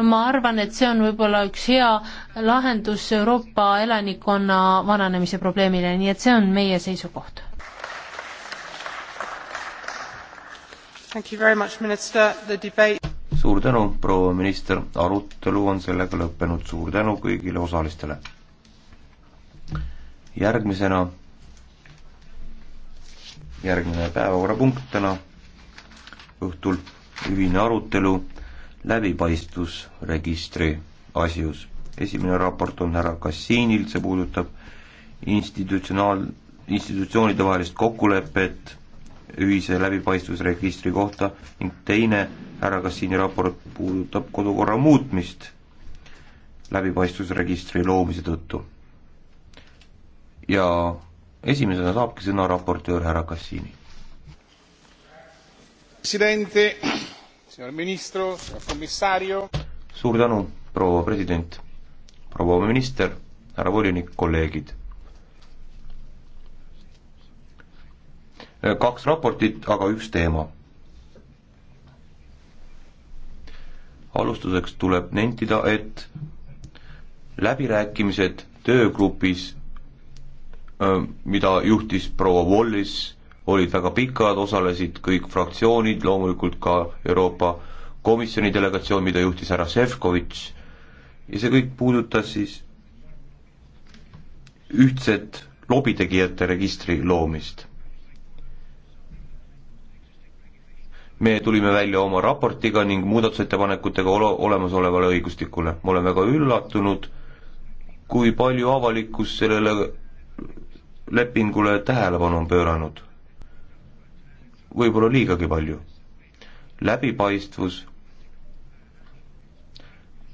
ma arvan, et see on võib-olla üks hea lahendus Euroopa elanikkonna vananemise probleemile, nii et see on meie seisukoht. suur tänu, proua minister, arutelu on sellega lõppenud, suur tänu kõigile osalistele. järgmisena, järgmine päevakorrapunkt täna õhtul, ühine arutelu läbipaistvusregistri asjus. esimene raport on härra Kassiinilt, see puudutab institutsionaal, institutsioonide vahelist kokkulepet ühise läbipaistvusregistri kohta ning teine härra Kassiini raport puudutab kodukorra muutmist läbipaistvusregistri loomise tõttu. ja esimesena saabki sõna raportöör härra Kassiini. presidente suur tänu, proua president, proua minister, härra volinik, kolleegid. Äh, kaks raportit, aga üks teema. alustuseks tuleb nentida, et läbirääkimised töögrupis, äh, mida juhtis proua Wallis olid väga pikad, osalesid kõik fraktsioonid, loomulikult ka Euroopa Komisjoni delegatsioon, mida juhtis härra Šefkovitš, ja see kõik puudutas siis ühtset lobitegijate registri loomist. me tulime välja oma raportiga ning muudatusettepanekutega ole-, olemasolevale õigustikule. ma olen väga üllatunud, kui palju avalikkus sellele lepingule tähelepanu on pööranud võib-olla liigagi palju. läbipaistvus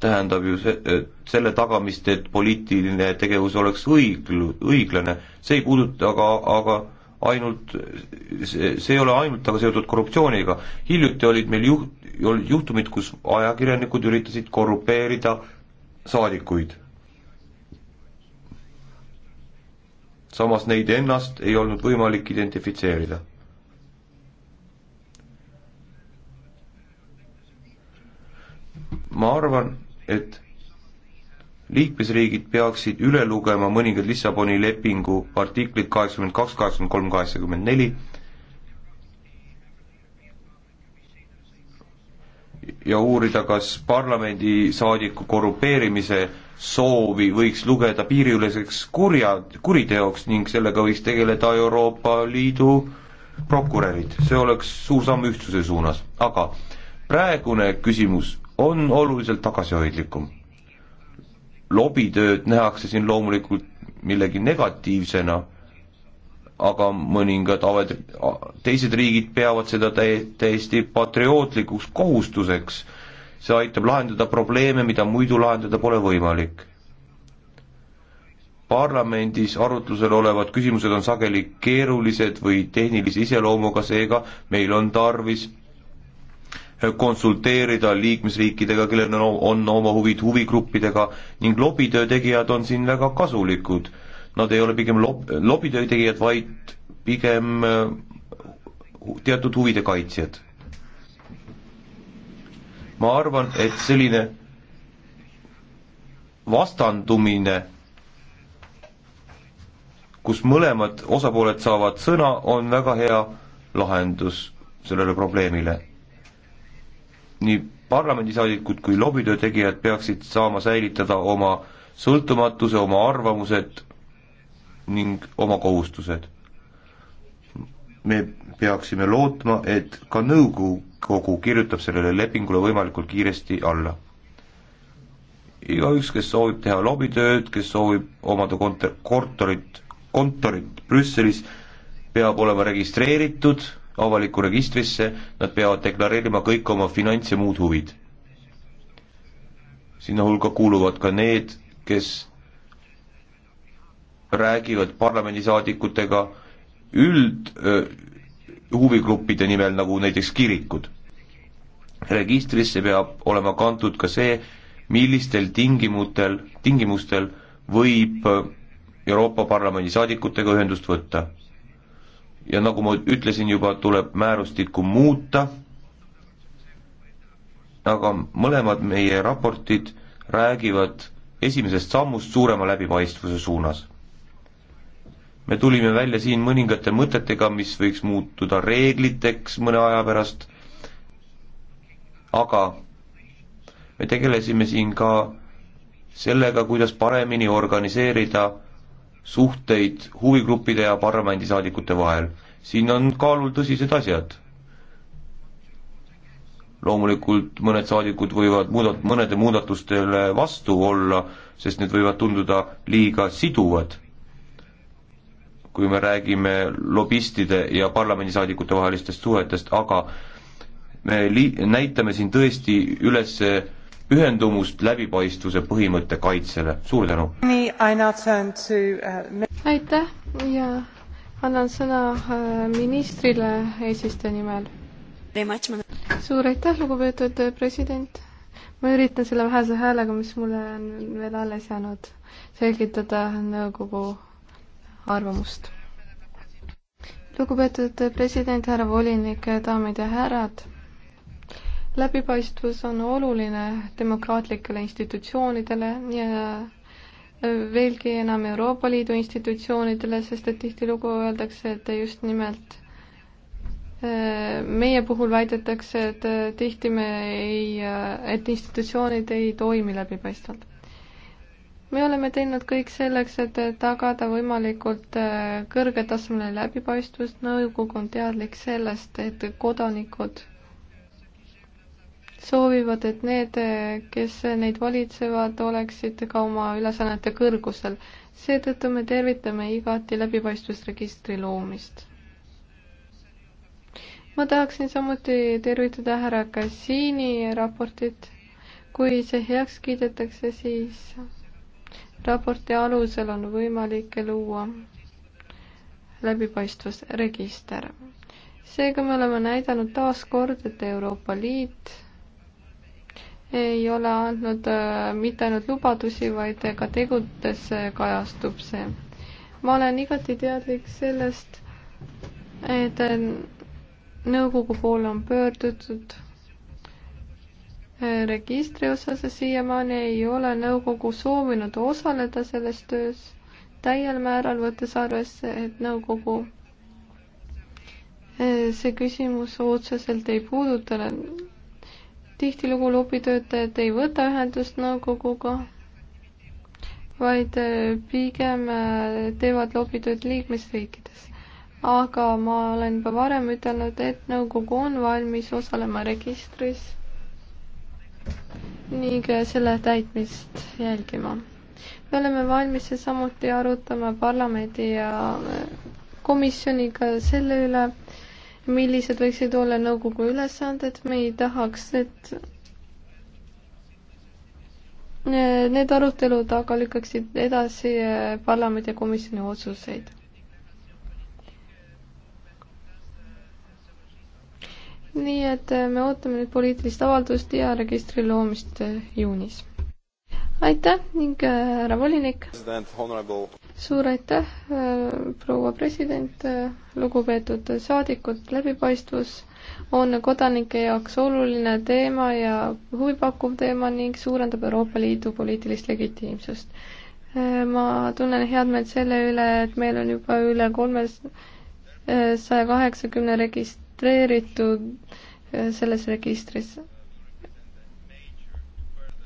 tähendab ju se-, selle tagamist, et poliitiline tegevus oleks õigl-, õiglane, see ei puuduta aga, aga ainult, see, see ei ole ainult aga seotud korruptsiooniga, hiljuti olid meil juht-, olid juhtumid, kus ajakirjanikud üritasid korrupeerida saadikuid. samas neid ennast ei olnud võimalik identifitseerida ma arvan, et liikmesriigid peaksid üle lugema mõningad Lissaboni lepingu artiklid kaheksakümmend kaks, kaheksakümmend kolm, kaheksakümmend neli, ja uurida, kas parlamendisaadiku korrupeerimise soovi võiks lugeda piiriüleseks kurja, kuriteoks ning sellega võiks tegeleda Euroopa Liidu prokurörid, see oleks suur samm ühtsuse suunas, aga praegune küsimus on oluliselt tagasihoidlikum. lobitööd nähakse siin loomulikult millegi negatiivsena, aga mõningad aved, teised riigid peavad seda täi-, täiesti patriootlikuks kohustuseks. see aitab lahendada probleeme, mida muidu lahendada pole võimalik. parlamendis arutlusel olevad küsimused on sageli keerulised või tehnilise iseloomuga, seega meil on tarvis konsulteerida liikmesriikidega, kellel on, on oma huvid huvigruppidega ning lobitöö tegijad on siin väga kasulikud. Nad ei ole pigem lob-, lobitöö tegijad, vaid pigem äh, teatud huvide kaitsjad. ma arvan, et selline vastandumine kus mõlemad osapooled saavad sõna, on väga hea lahendus sellele probleemile nii parlamendisaadikud kui lobitöö tegijad peaksid saama säilitada oma sõltumatuse, oma arvamused ning oma kohustused. me peaksime lootma, et ka nõukogu kirjutab sellele lepingule võimalikult kiiresti alla. igaüks, kes soovib teha lobitööd, kes soovib omada kont-, kontorit, kontorit Brüsselis, peab olema registreeritud avalikku registrisse, nad peavad deklareerima kõik oma finants ja muud huvid. sinna hulka kuuluvad ka need, kes räägivad parlamendisaadikutega üld öö, huvigruppide nimel, nagu näiteks kirikud. registrisse peab olema kantud ka see, millistel tingimutel, tingimustel võib Euroopa Parlamendi saadikutega ühendust võtta ja nagu ma ütlesin juba, tuleb määrustikku muuta, aga mõlemad meie raportid räägivad esimesest sammust suurema läbipaistvuse suunas. me tulime välja siin mõningate mõtetega, mis võiks muutuda reegliteks mõne aja pärast, aga me tegelesime siin ka sellega, kuidas paremini organiseerida suhteid huvigruppide ja parlamendisaadikute vahel. siin on kaalul tõsised asjad. loomulikult mõned saadikud võivad muudat-, mõnede muudatustele vastu olla, sest need võivad tunduda liiga siduvad, kui me räägime lobistide ja parlamendisaadikute vahelistest suhetest, aga me li-, näitame siin tõesti üles ühendumust läbipaistvuse põhimõtte kaitsele, suur tänu! Uh, aitäh ja annan sõna uh, ministrile eesistuja nimel. suur aitäh, lugupeetud president! ma üritan selle vähese häälega, mis mulle on veel alles jäänud, selgitada nõukogu arvamust. lugupeetud president, härra volinik, daamid ja härrad läbipaistvus on oluline demokraatlikele institutsioonidele ja äh, veelgi enam Euroopa Liidu institutsioonidele, sest et tihtilugu öeldakse, et just nimelt äh, meie puhul väidetakse, et äh, tihti me ei, et institutsioonid ei toimi läbipaistvalt. me oleme teinud kõik selleks, et tagada võimalikult kõrgetasemeline läbipaistvus, nõukogu on teadlik sellest, et kodanikud soovivad, et need, kes neid valitsevad, oleksid ka oma ülesannete kõrgusel. seetõttu me tervitame igati läbipaistvusregistri loomist. ma tahaksin samuti tervitada härra Kassiini raportit. kui see heaks kiidetakse, siis raporti alusel on võimalik luua läbipaistvusregister. seega me oleme näidanud taas kord, et Euroopa Liit ei ole andnud äh, mitte ainult lubadusi, vaid ka tegudes äh, kajastub see. ma olen igati teadlik sellest, et äh, nõukogu poole on pöördutud registri osas ja siiamaani ei ole nõukogu soovinud osaleda selles töös täiel määral, võttes arvesse, et nõukogu see küsimus otseselt ei puuduta tihtilugu lobitöötajad ei võta ühendust nõukoguga, vaid äh, pigem äh, teevad lobitööd liikmesriikides. aga ma olen juba varem ütelnud, et nõukogu on valmis osalema registris ning äh, selle täitmist jälgima. me oleme valmis samuti arutama parlamendi ja komisjoniga selle üle, millised võiksid olla nõukogu ülesanded, me ei tahaks, et eh, need arutelud aga lükkaksid edasi eh, parlamendi ja komisjoni otsuseid. nii et eh, me ootame nüüd poliitilist avaldust ja registri loomist juunis. aitäh ning härra volinik suur aitäh, äh, proua president, äh, lugupeetud saadikud, läbipaistvus on kodanike jaoks oluline teema ja huvipakkuv teema ning suurendab Euroopa Liidu poliitilist legitiimsust. Äh, ma tunnen head meelt selle üle, et meil on juba üle kolmesaja kaheksakümne registreeritud selles registris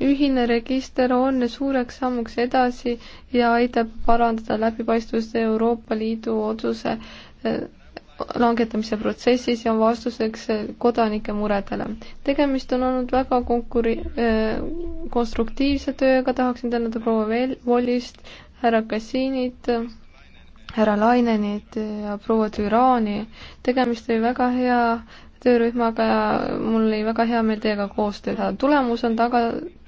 ühine register on suureks sammuks edasi ja aitab parandada läbipaistvust Euroopa Liidu otsuse eh, langetamise protsessis ja on vastuseks eh, kodanike muredele. tegemist on olnud väga konkuri-, eh, konstruktiivse tööga, tahaksin tänada proua Volist, härra Kassiinit, härra Lainenit ja proua Türaani. tegemist oli väga hea töörühmaga ja mul oli väga hea meel teiega koostöö teha. tulemus on taga,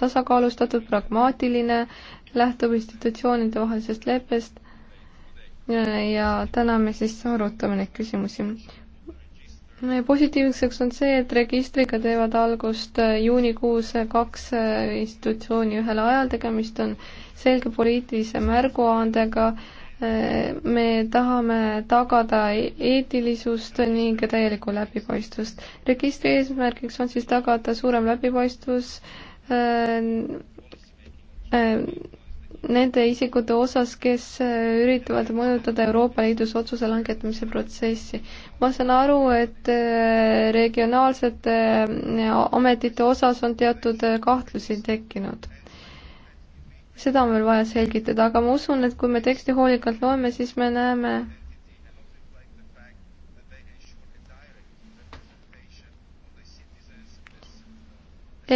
tasakaalustatud, pragmaatiline, lähtub institutsioonide vahelisest leppest ja täna me siis arutame neid küsimusi. positiivseks on see, et registriga teevad algust juunikuus kaks institutsiooni ühel ajal, tegemist on selge poliitilise märguandega äh, me tahame tagada eetilisust ning täielikku läbipaistvust. registri eesmärgiks on siis tagada suurem läbipaistvus äh, äh, nende isikute osas, kes äh, üritavad mõjutada Euroopa Liidus otsuse langetamise protsessi. ma saan aru, et regionaalsete ametite osas on teatud kahtlusi tekkinud seda on veel vaja selgitada, aga ma usun, et kui me teksti hoolikalt loeme, siis me näeme,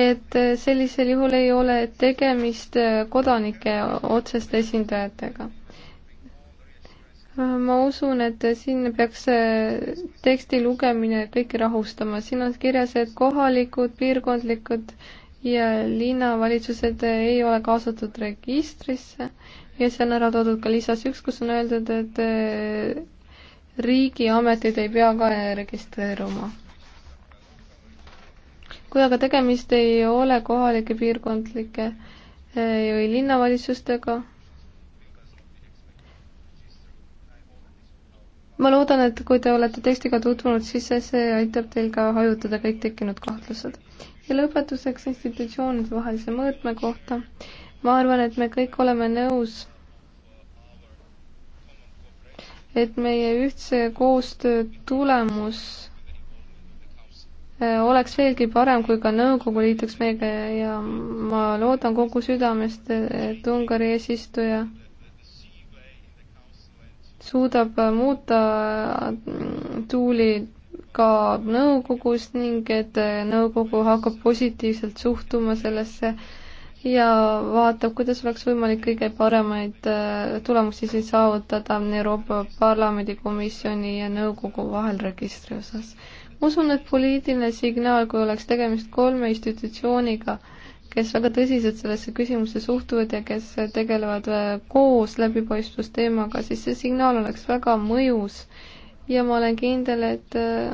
et sellisel juhul ei ole tegemist kodanike otseste esindajatega. ma usun, et siin peaks teksti lugemine kõiki rahustama, siin on kirjas, et kohalikud, piirkondlikud äh, ja linnavalitsused ei ole kaasatud registrisse ja see on ära toodud ka lisas üks, kus on öeldud, et äh, riigiametid ei pea ka äh, registreeruma. kui aga tegemist ei ole kohalike piirkondlike äh, või linnavalitsustega, ma loodan, et kui te olete tekstiga tutvunud, siis see aitab teil ka hajutada kõik tekkinud kahtlused ja lõpetuseks institutsioonide vahelise mõõtme kohta. ma arvan, et me kõik oleme nõus, et meie ühtse koostöö tulemus äh, oleks veelgi parem, kui ka nõukogu liituks meiega ja ma loodan kogu südamest, et Ungari eesistuja suudab muuta äh, tuuli ka nõukogus ning et nõukogu hakkab positiivselt suhtuma sellesse ja vaatab, kuidas oleks võimalik kõige paremaid äh, tulemusi siis saavutada Euroopa Parlamendi komisjoni ja nõukogu vahel registri osas. ma usun, et poliitiline signaal, kui oleks tegemist kolme institutsiooniga, kes väga tõsiselt sellesse küsimusse suhtuvad ja kes tegelevad äh, koos läbipaistvusteemaga, siis see signaal oleks väga mõjus ja ma olen kindel, et äh,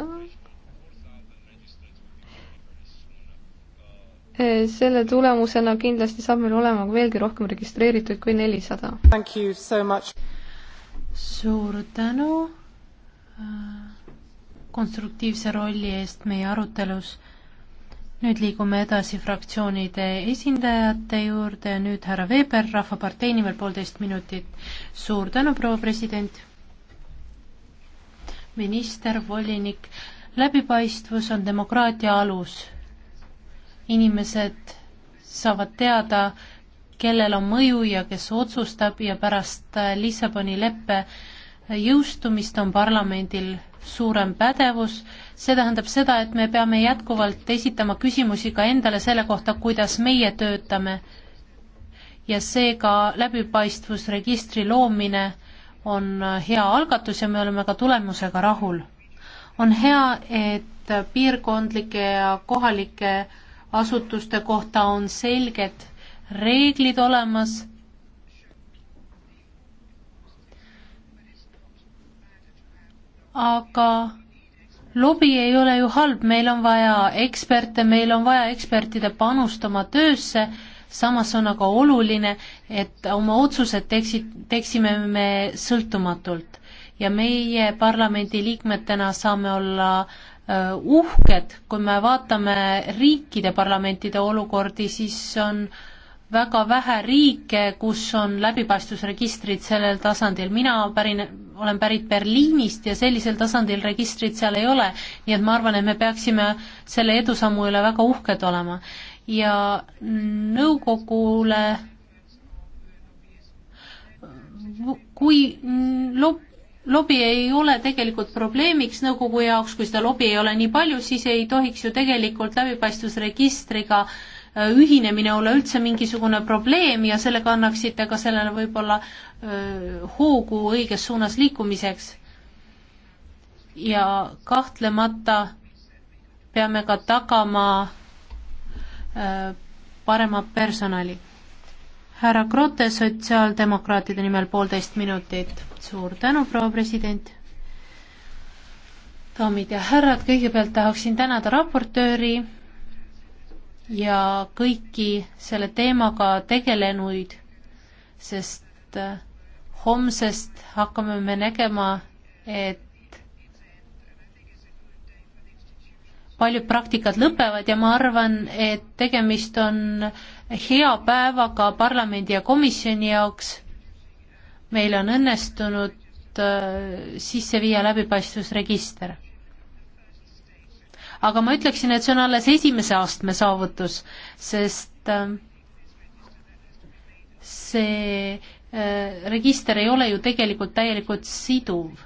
selle tulemusena kindlasti saab meil olema veelgi rohkem registreerituid kui nelisada. suur tänu äh, konstruktiivse rolli eest meie arutelus. nüüd liigume edasi fraktsioonide esindajate juurde ja nüüd härra Veber Rahvapartei nimel poolteist minutit. suur tänu, proua president minister, volinik, läbipaistvus on demokraatia alus. inimesed saavad teada, kellel on mõju ja kes otsustab ja pärast äh, Lissaboni leppe äh, jõustumist on parlamendil suurem pädevus, see tähendab seda, et me peame jätkuvalt esitama küsimusi ka endale selle kohta, kuidas meie töötame. ja seega läbipaistvusregistri loomine on hea algatus ja me oleme ka tulemusega rahul. on hea, et piirkondlike ja kohalike asutuste kohta on selged reeglid olemas aga lobi ei ole ju halb, meil on vaja eksperte, meil on vaja ekspertide panust oma töösse samas on aga oluline, et oma otsused teeksid, teeksime me sõltumatult ja meie parlamendi liikmetena saame olla äh, uhked, kui me vaatame riikide parlamentide olukordi, siis on väga vähe riike, kus on läbipaistvusregistrid sellel tasandil, mina pärin, olen pärit Berliinist ja sellisel tasandil registrit seal ei ole, nii et ma arvan, et me peaksime selle edusammu üle väga uhked olema ja nõukogule kui lob-, lobi ei ole tegelikult probleemiks nõukogu jaoks, kui seda lobi ei ole nii palju, siis ei tohiks ju tegelikult läbipaistvusregistriga äh, ühinemine olla üldse mingisugune probleem ja sellega annaksite ka sellele võib-olla äh, hoogu õiges suunas liikumiseks. ja kahtlemata peame ka tagama parema personali. härra Krote sotsiaaldemokraatide nimel poolteist minutit. suur tänu, proua president. daamid ja härrad, kõigepealt tahaksin tänada raportööri ja kõiki selle teemaga tegelenuid, sest homsest hakkame me nägema, et paljud praktikad lõpevad ja ma arvan, et tegemist on hea päevaga parlamendi ja komisjoni jaoks. meil on õnnestunud äh, sisse viia läbipaistvusregister. aga ma ütleksin, et see on alles esimese astme saavutus, sest äh, see äh, register ei ole ju tegelikult täielikult siduv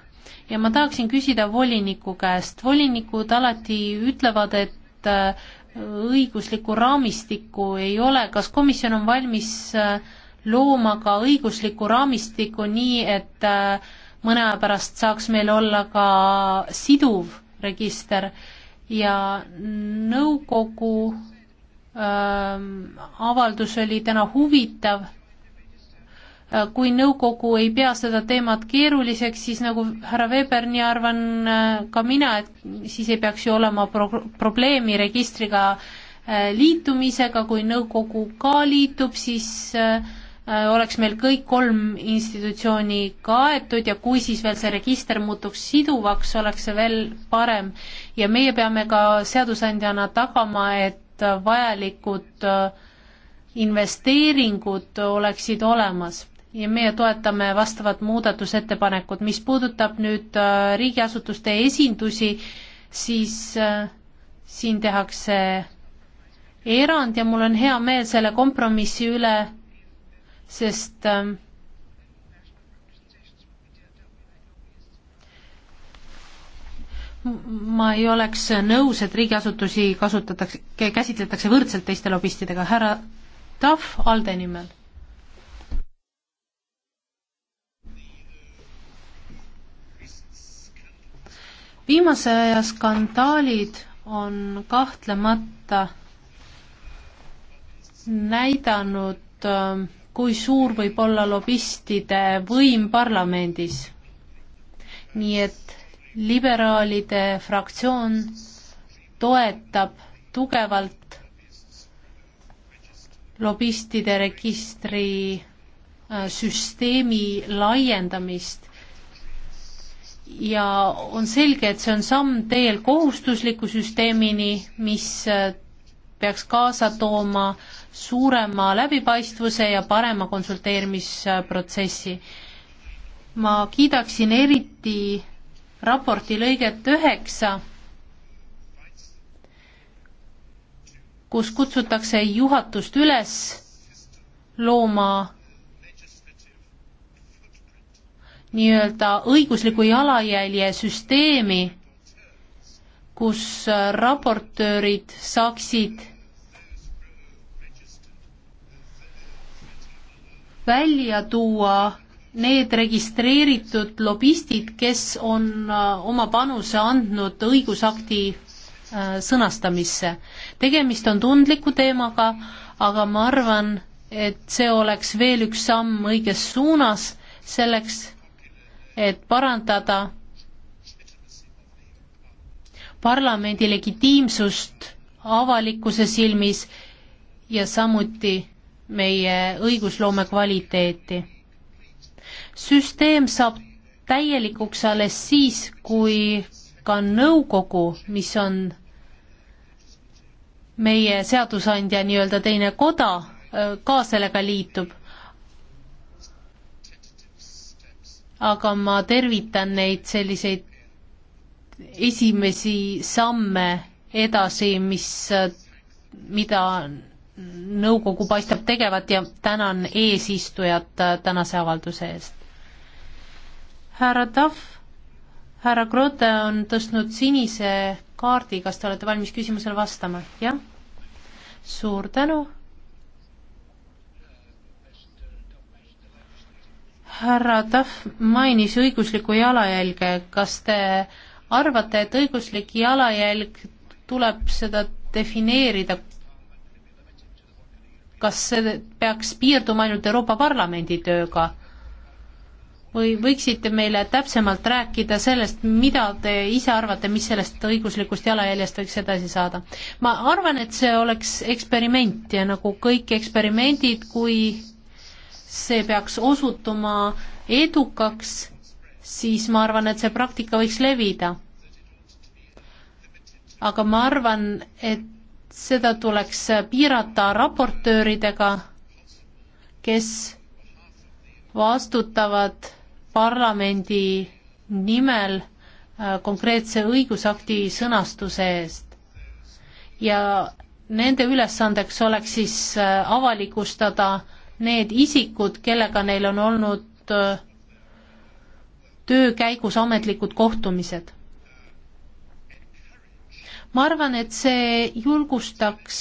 ja ma tahaksin küsida voliniku käest, volinikud alati ütlevad, et äh, õiguslikku raamistikku ei ole, kas komisjon on valmis äh, looma ka õiguslikku raamistikku nii, et äh, mõne aja pärast saaks meil olla ka siduv register ja nõukogu ähm, avaldus oli täna huvitav Äh, kui nõukogu ei pea seda teemat keeruliseks, siis nagu härra Weber, nii arvan äh, ka mina, et siis ei peaks ju olema pro-, probleemi registriga äh, liitumisega, kui nõukogu ka liitub, siis oleks meil kõik kolm institutsiooni kaetud ja kui siis veel see register muutuks siduvaks, oleks see veel parem. ja meie peame ka seadusandjana tagama, et vajalikud investeeringud oleksid olemas ja meie toetame vastavat muudatusettepanekut. mis puudutab nüüd äh, riigiasutuste esindusi, siis äh, siin tehakse erand ja mul on hea meel selle kompromissi üle, sest ähm, ma ei oleks nõus, et riigiasutusi kasutatakse, käsitletakse võrdselt teiste lobistidega. härra Tahv Alde nimel viimase aja skandaalid on kahtlemata näidanud, ähm, kui suur võib olla lobistide võim parlamendis. nii et liberaalide fraktsioon toetab tugevalt lobistide registri äh, süsteemi laiendamist ja on selge, et see on samm teel kohustusliku süsteemini, mis äh, peaks kaasa tooma suurema läbipaistvuse ja parema konsulteerimisprotsessi. ma kiidaksin eriti raporti lõiget üheksa, kus kutsutakse juhatust üles looma nii-öelda õigusliku jalajälje süsteemi, kus äh, raportöörid saaksid välja tuua need registreeritud lobistid, kes on äh, oma panuse andnud õigusakti äh, sõnastamisse. tegemist on tundliku teemaga, aga ma arvan, et see oleks veel üks samm õiges suunas selleks, et parandada parlamendi legitiimsust avalikkuse silmis ja samuti meie õigusloome kvaliteeti. süsteem saab täielikuks alles siis, kui ka nõukogu, mis on meie seadusandja nii-öelda teine koda, ka sellega liitub. aga ma tervitan neid selliseid esimesi samme edasi, mis, mida nõukogu paistab tegevat ja tänan eesistujat äh, tänase avalduse eest. härra Tahv, härra Grote on tõstnud sinise kaardi, kas te olete valmis küsimusele vastama? jah? suur tänu härra Tahv mainis õiguslikku jalajälge, kas te arvate, et õiguslik jalajälg tuleb seda defineerida, kas see peaks piirduma ainult Euroopa Parlamendi tööga? või võiksite meile täpsemalt rääkida sellest, mida te ise arvate, mis sellest õiguslikust jalajäljest võiks edasi saada? ma arvan, et see oleks eksperiment ja nagu kõik eksperimendid, kui see peaks osutuma edukaks, siis ma arvan, et see praktika võiks levida. aga ma arvan, et seda tuleks piirata raportööridega, kes vastutavad parlamendi nimel äh, konkreetse õigusakti sõnastuse eest. ja nende ülesandeks oleks siis äh, avalikustada äh, need isikud, kellega neil on olnud äh, töö käigus ametlikud kohtumised. ma arvan, et see julgustaks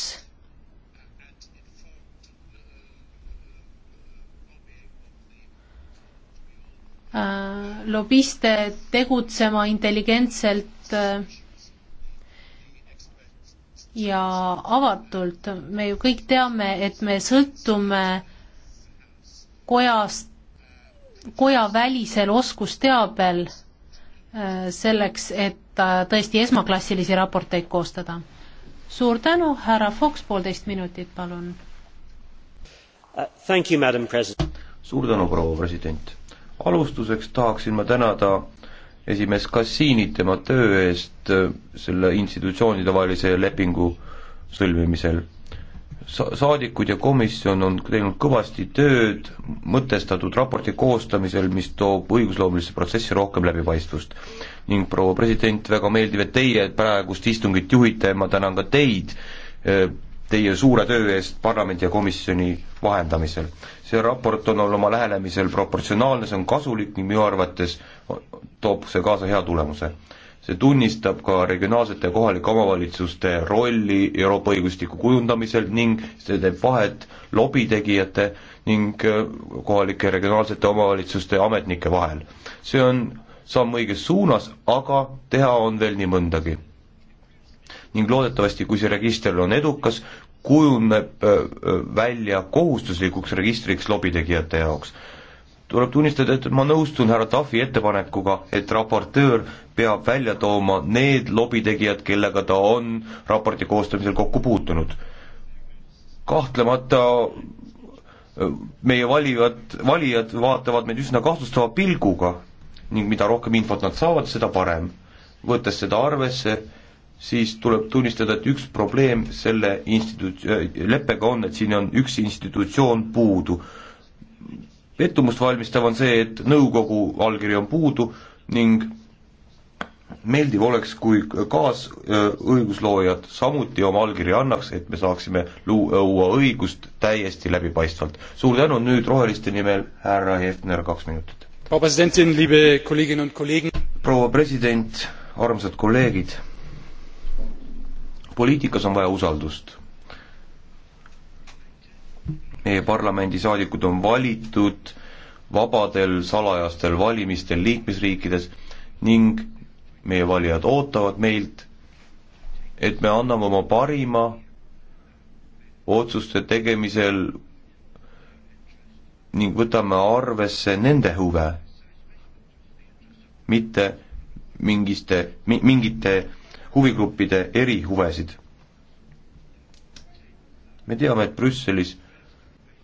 äh, lobiste tegutsema intelligentselt äh, ja avatult. me ju kõik teame, et me sõltume kojas, kojavälisel oskusteabel äh, selleks, et äh, tõesti esmaklassilisi raporteid koostada. suur tänu, härra Fox, poolteist minutit, palun uh,. suur tänu, proua president. alustuseks tahaksin ma tänada esimees Kassiinit tema töö eest äh, selle institutsioonide vahelise lepingu sõlmimisel sa-, saadikud ja komisjon on teinud kõvasti tööd mõtestatud raporti koostamisel, mis toob õigusloomelisse protsessi rohkem läbipaistvust. ning proua president, väga meeldiv, et teie praegust istungit juhite, ma tänan ka teid eh, teie suure töö eest parlamendi ja komisjoni vahendamisel. see raport on oma lähenemisel proportsionaalne, see on kasulik ning minu arvates toob see kaasa hea tulemuse see tunnistab ka regionaalsete ja kohalike omavalitsuste rolli Euroopa õigustiku kujundamisel ning see teeb vahet lobitegijate ning äh, kohalike ja regionaalsete omavalitsuste ametnike vahel. see on samm õiges suunas, aga teha on veel nii mõndagi. ning loodetavasti, kui see register on edukas, kujuneb äh, äh, välja kohustuslikuks registriks lobitegijate jaoks tuleb tunnistada, et ma nõustun härra Tafi ettepanekuga, et raportöör peab välja tooma need lobitegijad, kellega ta on raporti koostamisel kokku puutunud. kahtlemata äh, meie valivad, valijad vaatavad meid üsna kahtlustava pilguga ning mida rohkem infot nad saavad, seda parem. võttes seda arvesse, siis tuleb tunnistada, et üks probleem selle instituut-, äh, leppega on, et siin on üks institutsioon puudu pettumust valmistav on see, et nõukogu allkiri on puudu ning meeldiv oleks, kui kaasõigusloojad samuti oma allkirja annaks, et me saaksime luua õigust täiesti läbipaistvalt. suur tänu, nüüd Roheliste nimel härra Hefner, kaks minutit. proua president, armsad kolleegid, poliitikas on vaja usaldust meie parlamendisaadikud on valitud vabadel salajastel valimistel liikmesriikides ning meie valijad ootavad meilt, et me anname oma parima otsuste tegemisel ning võtame arvesse nende huve, mitte mingiste, mingite huvigruppide erihuvesid. me teame, et Brüsselis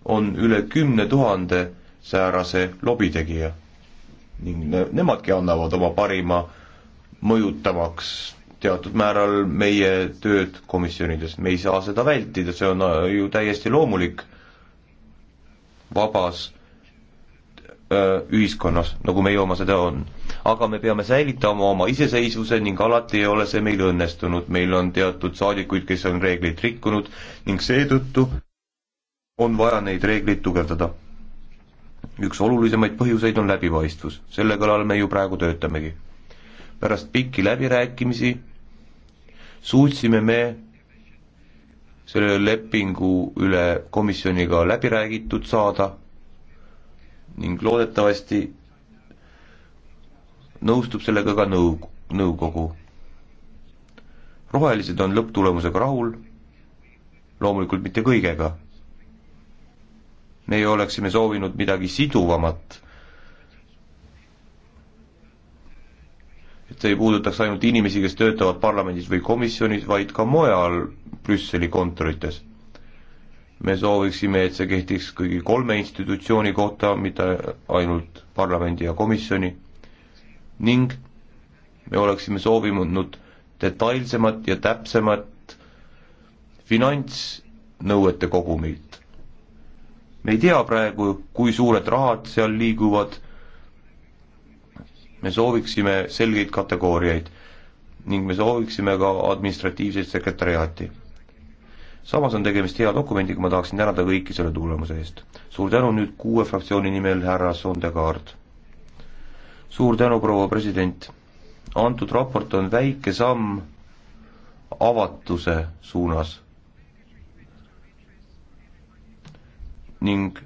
on üle kümne tuhande säärase lobitegija ning ne nemadki annavad oma parima, mõjutamaks teatud määral meie tööd komisjonides, me ei saa seda vältida, see on äh, ju täiesti loomulik vabas äh, ühiskonnas, nagu meie oma seda on. aga me peame säilitama oma iseseisvuse ning alati ei ole see meil õnnestunud, meil on teatud saadikuid, kes on reegleid rikkunud ning seetõttu on vaja neid reegleid tugevdada. üks olulisemaid põhjuseid on läbipaistvus, selle kallal me ju praegu töötamegi. pärast pikki läbirääkimisi suutsime me selle lepingu üle komisjoniga läbi räägitud saada ning loodetavasti nõustub sellega ka nõu-, nõukogu. rohelised on lõpptulemusega rahul, loomulikult mitte kõigega meie oleksime soovinud midagi siduvamat. et see ei puudutaks ainult inimesi, kes töötavad parlamendis või komisjonis, vaid ka mujal Brüsseli kontorites. me sooviksime, et see kehtiks kõigi kolme institutsiooni kohta, mitte ainult parlamendi ja komisjoni ning me oleksime soovinud detailsemat ja täpsemat finantsnõuete kogumit, me ei tea praegu, kui suured rahad seal liiguvad, me sooviksime selgeid kategooriaid ning me sooviksime ka administratiivseid sekretäriaati. samas on tegemist hea dokumendiga, ma tahaksin tänada kõiki selle tulemuse eest. suur tänu nüüd kuue fraktsiooni nimel, härra Sondekaart. suur tänu, proua president. antud raport on väike samm avatuse suunas ning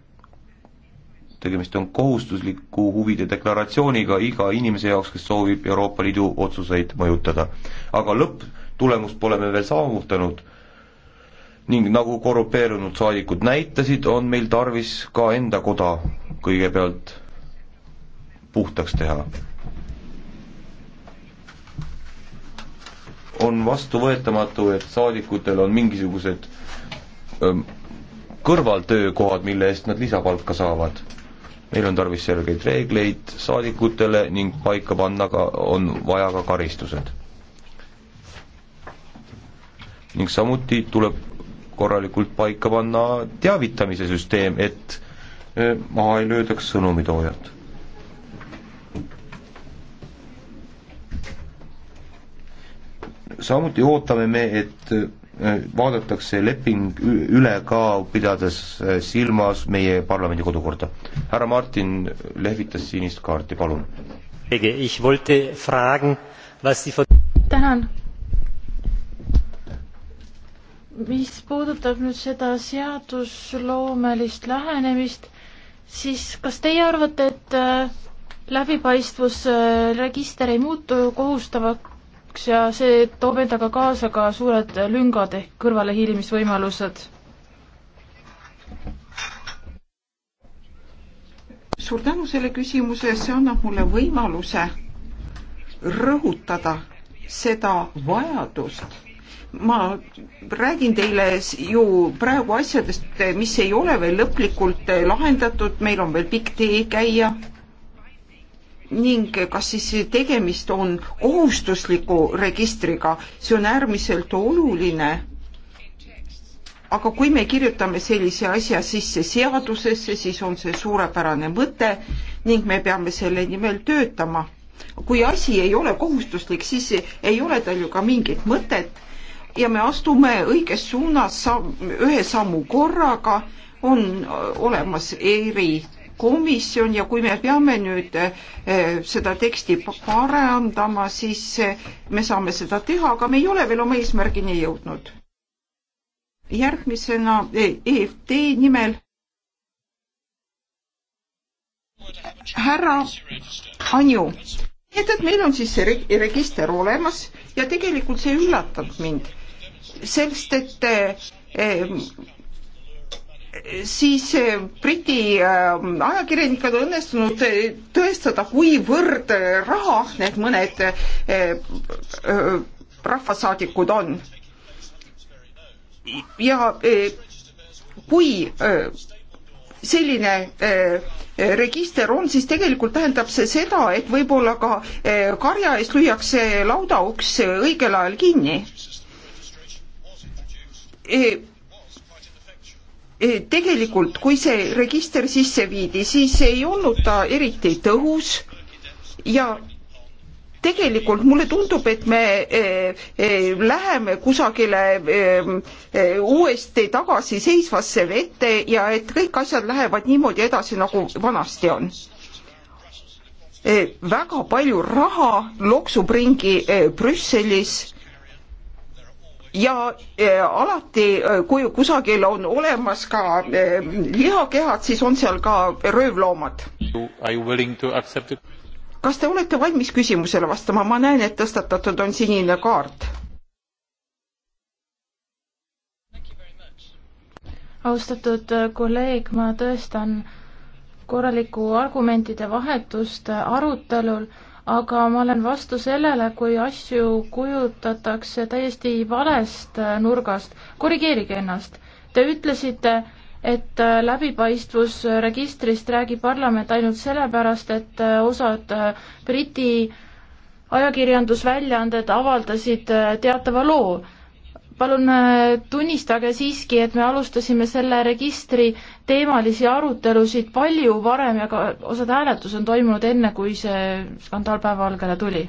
tegemist on kohustusliku huvide deklaratsiooniga iga inimese jaoks, kes soovib Euroopa Liidu otsuseid mõjutada. aga lõpptulemust pole me veel saavutanud ning nagu korrupeerunud saadikud näitasid, on meil tarvis ka enda koda kõigepealt puhtaks teha. on vastuvõetamatu, et saadikutel on mingisugused öö, ähm, kõrvaltöökohad, mille eest nad lisapalka saavad. meil on tarvis selgeid reegleid saadikutele ning paika panna ka, on vaja ka karistused. ning samuti tuleb korralikult paika panna teavitamise süsteem, et e, maha ei löödaks sõnumitoojat. samuti ootame me, et Äh, vaadatakse leping üle ka, pidades äh, silmas meie parlamendi kodukorda. härra Martin lehvitas sinist kaarti, palun. tänan. mis puudutab nüüd seda seadusloomelist lähenemist, siis kas teie arvate, et äh, läbipaistvusregister ei muutu kohustavaks nõrgaks ja see toob endaga kaasa ka suured lüngad ehk kõrvalehiilimisvõimalused. suur tänu selle küsimuse eest, see annab mulle võimaluse rõhutada seda vajadust ma räägin teile ju praegu asjadest, mis ei ole veel lõplikult lahendatud, meil on veel pikk tee käia ning kas siis tegemist on kohustusliku registriga, see on äärmiselt oluline. aga kui me kirjutame sellise asja sisse seadusesse, siis on see suurepärane mõte ning me peame selle nimel töötama. kui asi ei ole kohustuslik, siis ei ole tal ju ka mingit mõtet ja me astume õiges suunas samm, ühe sammu korraga, on olemas eri komisjon ja kui me peame nüüd eh, seda teksti parandama, siis eh, me saame seda teha, aga me ei ole veel oma eesmärgini jõudnud. järgmisena EFT eh, e nimel härra Anju, et, et meil on siis see register olemas ja tegelikult see üllatab mind, sest et siis eh, Briti eh, ajakirjanikel on õnnestunud eh, tõestada, kuivõrd raha need mõned rahvasaadikud on. ja kui selline register on, siis tegelikult tähendab see seda, et võib-olla ka karja eest lüüakse laudauks õigel ajal kinni Eh, tegelikult, kui see register sisse viidi, siis ei olnud ta eriti tõhus ja tegelikult mulle tundub, et me eh, eh, läheme kusagile uuesti tagasi seisvasse vette ja et kõik asjad lähevad niimoodi edasi, nagu vanasti on väga palju raha loksub ringi Brüsselis ja eh, alati, eh, kui kusagil on olemas ka eh, lihakehad, siis on seal ka röövloomad. kas te olete valmis küsimusele vastama, ma näen, et tõstatatud on sinine kaart. austatud kolleeg, ma tõestan korralikku argumentide vahetust arutelul aga ma olen vastu sellele, kui asju kujutatakse täiesti valest äh, nurgast. korrigeerige ennast. Te ütlesite, et äh, läbipaistvusregistrist räägib parlament ainult sellepärast, et äh, osad Briti ajakirjandusväljaanded avaldasid teatava loo palun äh, tunnistage siiski, et me alustasime selle registri teemalisi arutelusid palju varem ja ka osad hääletused on toimunud enne, kui see skandaal päevavalgele tuli.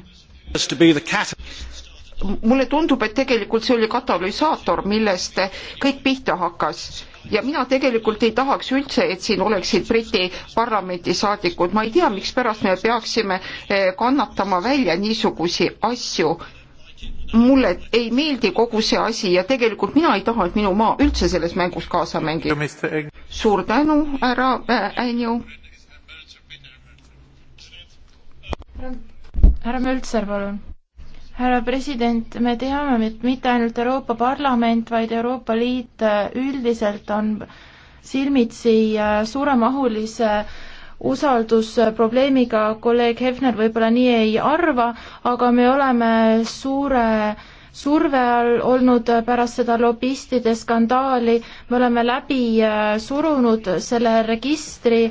mulle tundub, et tegelikult see oli katalüsaator, millest kõik pihta hakkas ja mina tegelikult ei tahaks üldse, et siin oleksid Briti parlamendi saadikud, ma ei tea, mikspärast me peaksime eh, kannatama välja niisugusi asju mulle ei meeldi kogu see asi ja tegelikult mina ei taha, et minu maa üldse selles mängus kaasa mängib. suur tänu, härra Äänju. Äh, härra Möltser, palun. härra president, me teame, et mitte ainult Euroopa Parlament, vaid Euroopa Liit äh, üldiselt on silmitsi äh, suuremahulise äh, usaldusprobleemiga, kolleeg Hefner võib-olla nii ei arva, aga me oleme suure surve all olnud pärast seda lobistide skandaali, me oleme läbi äh, surunud selle registri,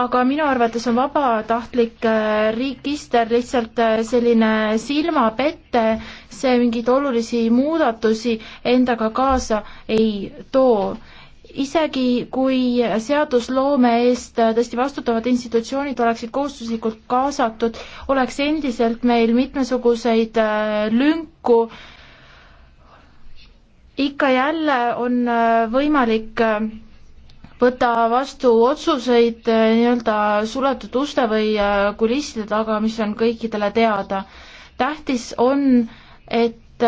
aga minu arvates on vabatahtlik äh, register lihtsalt äh, selline silmapette, see mingeid olulisi muudatusi endaga kaasa ei too isegi kui seadusloome eest tõesti vastutavad institutsioonid oleksid kohustuslikult kaasatud, oleks endiselt meil mitmesuguseid äh, lünku. ikka jälle on äh, võimalik äh, võtta vastu otsuseid nii-öelda suletud uste või kulisside taga, mis on kõikidele teada. tähtis on, et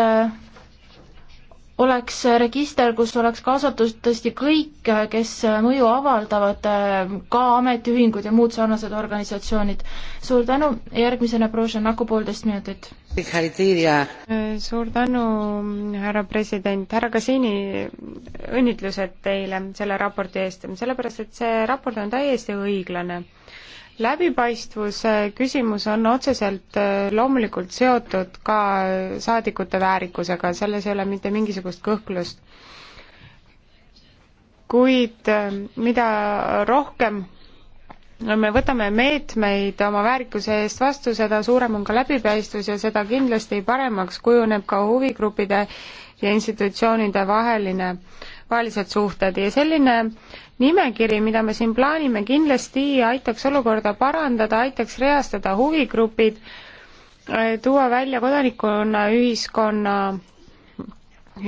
oleks register, kus oleks kaasatud tõesti kõik, kes mõju avaldavad, ka ametiühingud ja muud sarnased organisatsioonid. suur tänu, järgmisena Prožen Naku poolteist minutit. suur tänu, härra president, härra Kasini, õnnitlused teile selle raporti eest, sellepärast et see raport on täiesti õiglane läbipaistvuse küsimus on otseselt äh, loomulikult seotud ka saadikute väärikusega, selles ei ole mitte mingisugust kõhklust. kuid äh, mida rohkem no me võtame meetmeid oma väärikuse eest vastu, seda suurem on ka läbipaistvus ja seda kindlasti paremaks kujuneb ka huvigruppide ja institutsioonide vaheline äh, vahelised suhted ja selline nimekiri, mida me siin plaanime, kindlasti aitaks olukorda parandada, aitaks reastada huvigrupid, tuua välja kodanikuna ühiskonna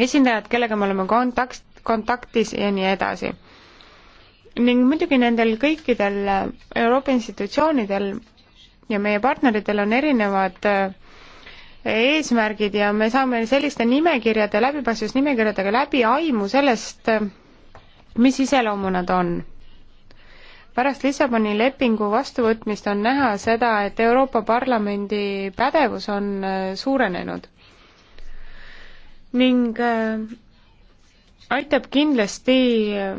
esindajad, kellega me oleme kontakt, kontaktis ja nii edasi. ning muidugi nendel kõikidel Euroopa institutsioonidel ja meie partneritel on erinevad äh, eesmärgid ja me saame selliste nimekirjade, läbipaistvusnimekirjadega läbi aimu sellest, mis iseloomu nad on. pärast Lissaboni lepingu vastuvõtmist on näha seda, et Euroopa Parlamendi pädevus on äh, suurenenud ning äh, aitab kindlasti äh,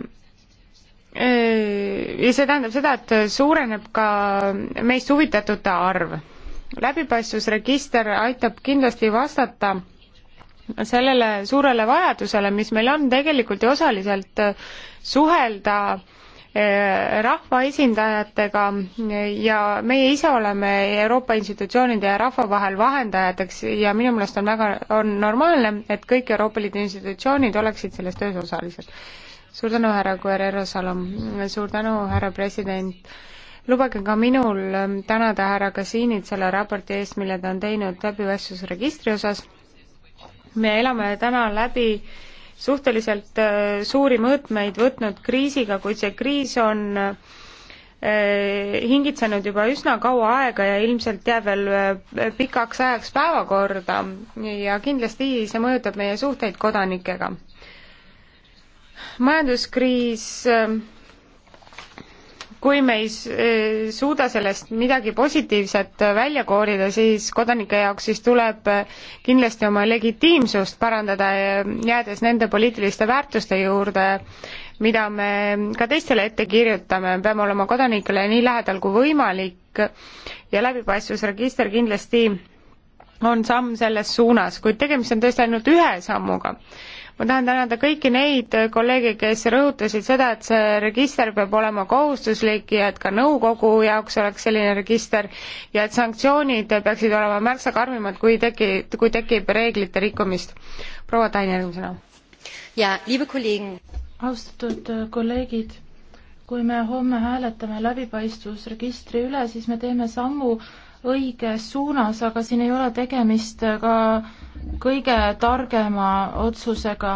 ja see tähendab seda, et suureneb ka meist huvitatute arv läbipaistvusregister aitab kindlasti vastata sellele suurele vajadusele, mis meil on tegelikult ju osaliselt äh, suhelda äh, rahvaesindajatega ja meie ise oleme Euroopa institutsioonide ja rahva vahel vahendajateks ja minu meelest on väga, on normaalne, et kõik Euroopa Liidu institutsioonid oleksid selles töös osalised. suur tänu, härra Guerrero Salom, suur tänu, härra president lubage ka minul ähm, tänada härra Kasiinit selle raporti eest, mille ta on teinud läbipaistvusregistri osas. me elame täna läbi suhteliselt äh, suuri mõõtmeid võtnud kriisiga, kuid see kriis on äh, hingitsenud juba üsna kaua aega ja ilmselt jääb veel äh, pikaks ajaks päevakorda ja kindlasti see mõjutab meie suhteid kodanikega. majanduskriis kui me ei eh, suuda sellest midagi positiivset eh, välja koorida, siis kodanike jaoks siis tuleb eh, kindlasti oma legitiimsust parandada, jäädes nende poliitiliste väärtuste juurde, mida me ka teistele ette kirjutame, peame olema kodanikele nii lähedal kui võimalik ja läbipaistvusregister kindlasti on samm selles suunas, kuid tegemist on tõesti ainult ühe sammuga ma tahan tänada kõiki neid kolleege, kes rõhutasid seda, et see register peab olema kohustuslik ja et ka nõukogu jaoks oleks selline register ja et sanktsioonid peaksid olema märksa karmimad, kui teki, kui tekib reeglite rikkumist. proua Tain järgmisena. ja, liibe kolleegin. austatud äh, kolleegid, kui me homme hääletame läbipaistvusregistri üle, siis me teeme sammu õiges suunas, aga siin ei ole tegemist äh, ka kõige targema otsusega.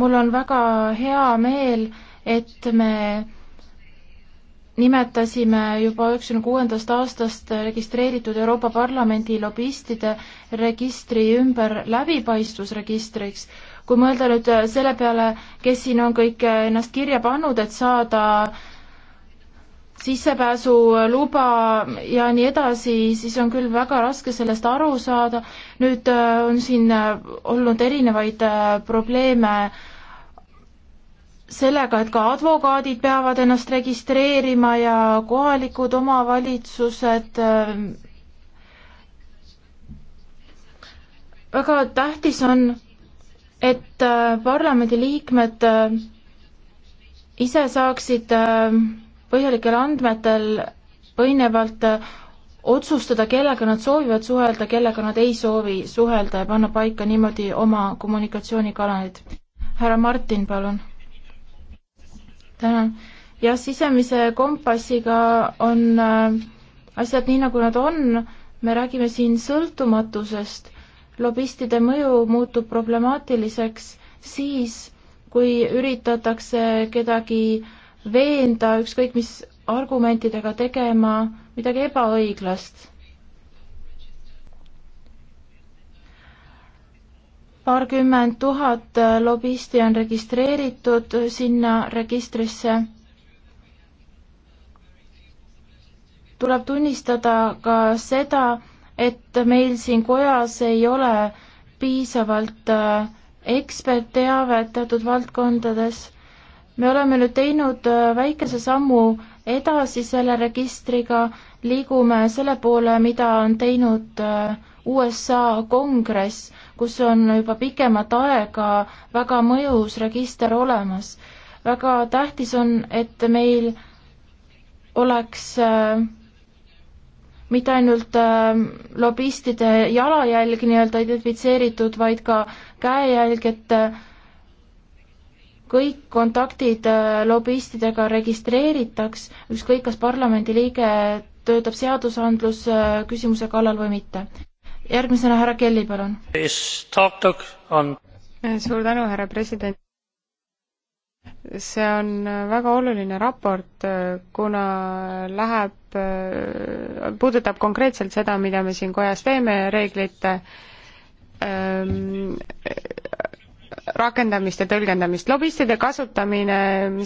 mul on väga hea meel, et me nimetasime juba üheksakümne kuuendast aastast registreeritud Euroopa Parlamendi lobistide registri ümber läbipaistvusregistriks. kui mõelda nüüd selle peale, kes siin on kõik ennast kirja pannud, et saada sissepääsuluba ja nii edasi, siis on küll väga raske sellest aru saada. nüüd äh, on siin äh, olnud erinevaid äh, probleeme sellega, et ka advokaadid peavad ennast registreerima ja kohalikud omavalitsused. väga tähtis on, et parlamendiliikmed ise saaksid äh, põhjalikel andmetel põhinevalt otsustada, kellega nad soovivad suhelda, kellega nad ei soovi suhelda ja panna paika niimoodi oma kommunikatsioonikanalid. härra Martin, palun. tänan. jah, sisemise kompassiga on äh, asjad nii, nagu nad on, me räägime siin sõltumatusest, lobistide mõju muutub problemaatiliseks siis, kui üritatakse kedagi äh, veenda ükskõik mis argumentidega tegema midagi ebaõiglast. paarkümmend tuhat lobisti on registreeritud sinna registrisse. tuleb tunnistada ka seda, et meil siin kojas ei ole piisavalt äh, ekspertteavet teatud valdkondades me oleme nüüd teinud äh, väikese sammu edasi selle registriga, liigume selle poole, mida on teinud äh, USA kongress, kus on juba pikemat aega väga mõjus register olemas. väga tähtis on, et meil oleks äh, mitte ainult äh, lobistide jalajälg nii-öelda identifitseeritud, vaid ka käejälg, et äh, kõik kontaktid äh, lobistidega registreeritaks, ükskõik, kas parlamendiliige töötab seadusandluse äh, küsimuse kallal või mitte. järgmisena härra Kelly, palun. Äh, suur tänu, härra president. see on väga oluline raport, kuna läheb, puudutab konkreetselt seda, mida me siin kojas teeme reeglite ähm, rakendamist ja tõlgendamist. lobistide kasutamine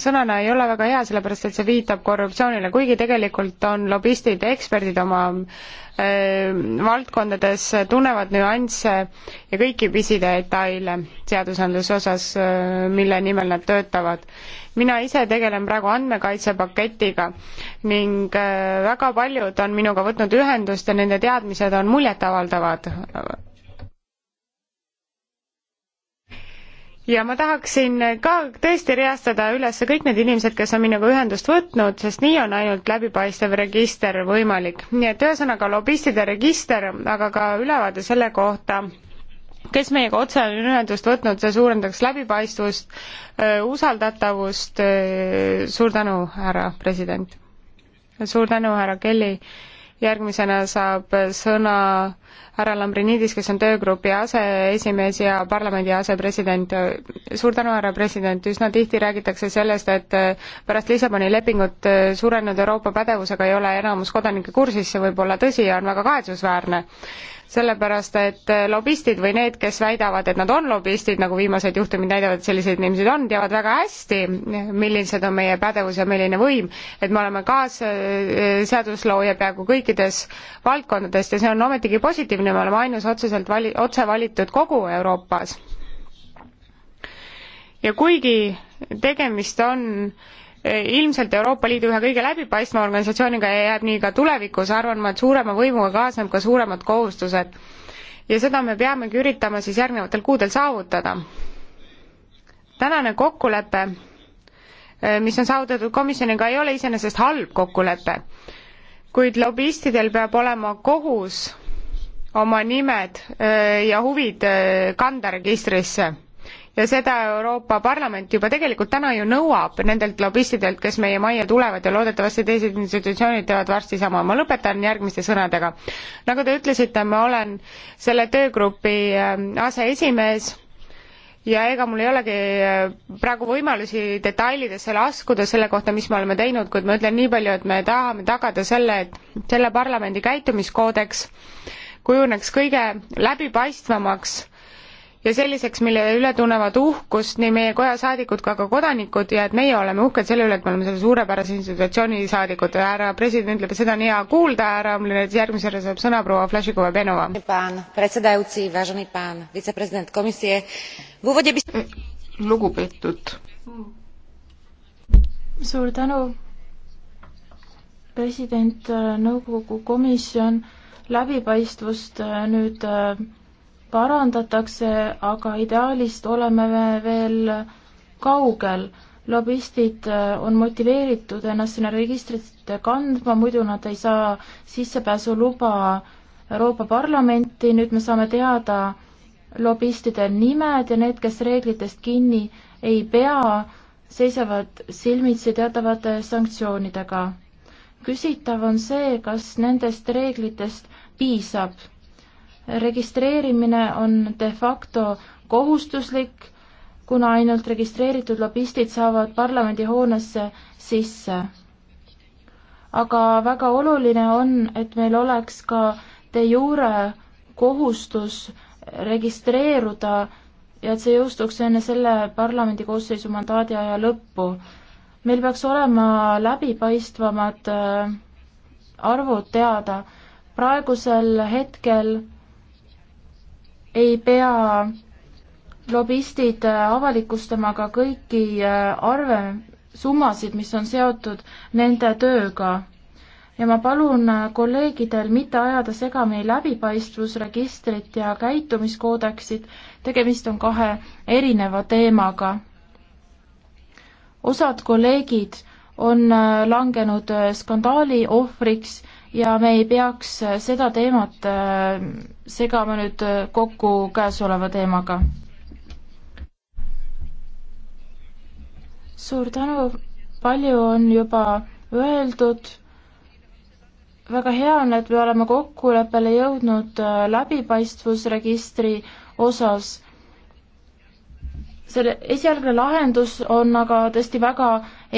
sõnana ei ole väga hea, sellepärast et see viitab korruptsioonile, kuigi tegelikult on lobistid ja eksperdid oma äh, valdkondades, tunnevad nüansse ja kõiki pisidetaile seadusandluse osas äh,, mille nimel nad töötavad. mina ise tegelen praegu andmekaitsepaketiga ning äh, väga paljud on minuga võtnud ühendust ja nende teadmised on muljetavaldavad ja ma tahaksin ka tõesti reastada üles kõik need inimesed, kes on minuga ühendust võtnud, sest nii on ainult läbipaistev register võimalik. nii et ühesõnaga lobistide register, aga ka ülevaade selle kohta, kes meiega otse on ühendust võtnud, see suurendaks läbipaistvust, usaldatavust, suur tänu, härra president. suur tänu, härra Kelly, järgmisena saab sõna härra Lambrinidis, kes on töögrupi aseesimees ja parlamendi asepresident. suur tänu, härra president, üsna tihti räägitakse sellest, et äh, pärast Lissaboni lepingut äh, suurenenud Euroopa pädevusega ei ole enamus kodanikke kursis, see võib olla tõsi ja on väga kahetsusväärne sellepärast, et äh, lobistid või need, kes väidavad, et nad on lobistid, nagu viimased juhtumid näidavad, et selliseid inimesi on, teavad väga hästi, millised on meie pädevus ja milline võim, et me oleme kaasseaduslooja peaaegu kõikides valdkondadest ja see on ometigi positiivne, positiivne, me oleme ainus otseselt vali-, otse valitud kogu Euroopas. ja kuigi tegemist on eh, ilmselt Euroopa Liidu ühe kõige läbipaistva organisatsiooniga ja jääb nii ka tulevikus, arvan ma, et suurema võimuga kaasneb ka suuremad kohustused. ja seda me peamegi üritama siis järgnevatel kuudel saavutada. tänane kokkulepe, eh, mis on saavutatud komisjoniga, ei ole iseenesest halb kokkulepe, kuid lobistidel peab olema kohus oma nimed eh, ja huvid eh, kanderegistrisse ja seda Euroopa Parlament juba tegelikult täna ju nõuab nendelt lobistidelt, kes meie majja tulevad ja loodetavasti teised institutsioonid teevad varsti sama. ma lõpetan järgmiste sõnadega. nagu te ütlesite, ma olen selle töögrupi eh, aseesimees ja ega mul ei olegi praegu võimalusi detailidesse laskuda selle kohta, mis me oleme teinud, kuid ma ütlen nii palju, et me tahame tagada selle, et selle parlamendi käitumiskoodeks kujuneks kõige läbipaistvamaks ja selliseks, mille üle tunnevad uhkust nii meie koja saadikud kui ka kodanikud ja et meie oleme uhked selle üle, et me oleme selle suurepärase institutsiooni saadikud. härra president ütleb, et seda on hea kuulda, härra Omlinet, järgmisena saab sõna proua Flašikova-Benova. lugupeetud. suur tänu, president, nõukogu komisjon läbipaistvust äh, nüüd äh, parandatakse, aga ideaalist oleme me veel kaugel. lobistid äh, on motiveeritud ennast sinna registrisse kandma, muidu nad ei saa sissepääsuluba Euroopa Parlamenti, nüüd me saame teada lobistide nimed ja need, kes reeglitest kinni ei pea, seisavad silmitsi teatavate sanktsioonidega. küsitav on see, kas nendest reeglitest piisab. registreerimine on de facto kohustuslik, kuna ainult registreeritud lobistid saavad parlamendihoonesse sisse. aga väga oluline on, et meil oleks ka de jure kohustus registreeruda ja et see jõustuks enne selle parlamendi koosseisu mandaadi aja lõppu. meil peaks olema läbipaistvamad äh, arvud teada praegusel hetkel ei pea lobistid avalikustama ka kõiki äh, arve, summasid, mis on seotud nende tööga. ja ma palun äh, kolleegidel mitte ajada segamini läbipaistvusregistrit ja käitumiskoodeksit, tegemist on kahe erineva teemaga. osad kolleegid on äh, langenud skandaali ohvriks ja me ei peaks seda teemat äh, segama nüüd kokku käesoleva teemaga. suur tänu, palju on juba öeldud, väga hea on, et me oleme kokkuleppele jõudnud äh, läbipaistvusregistri osas selle esialgne lahendus on aga tõesti väga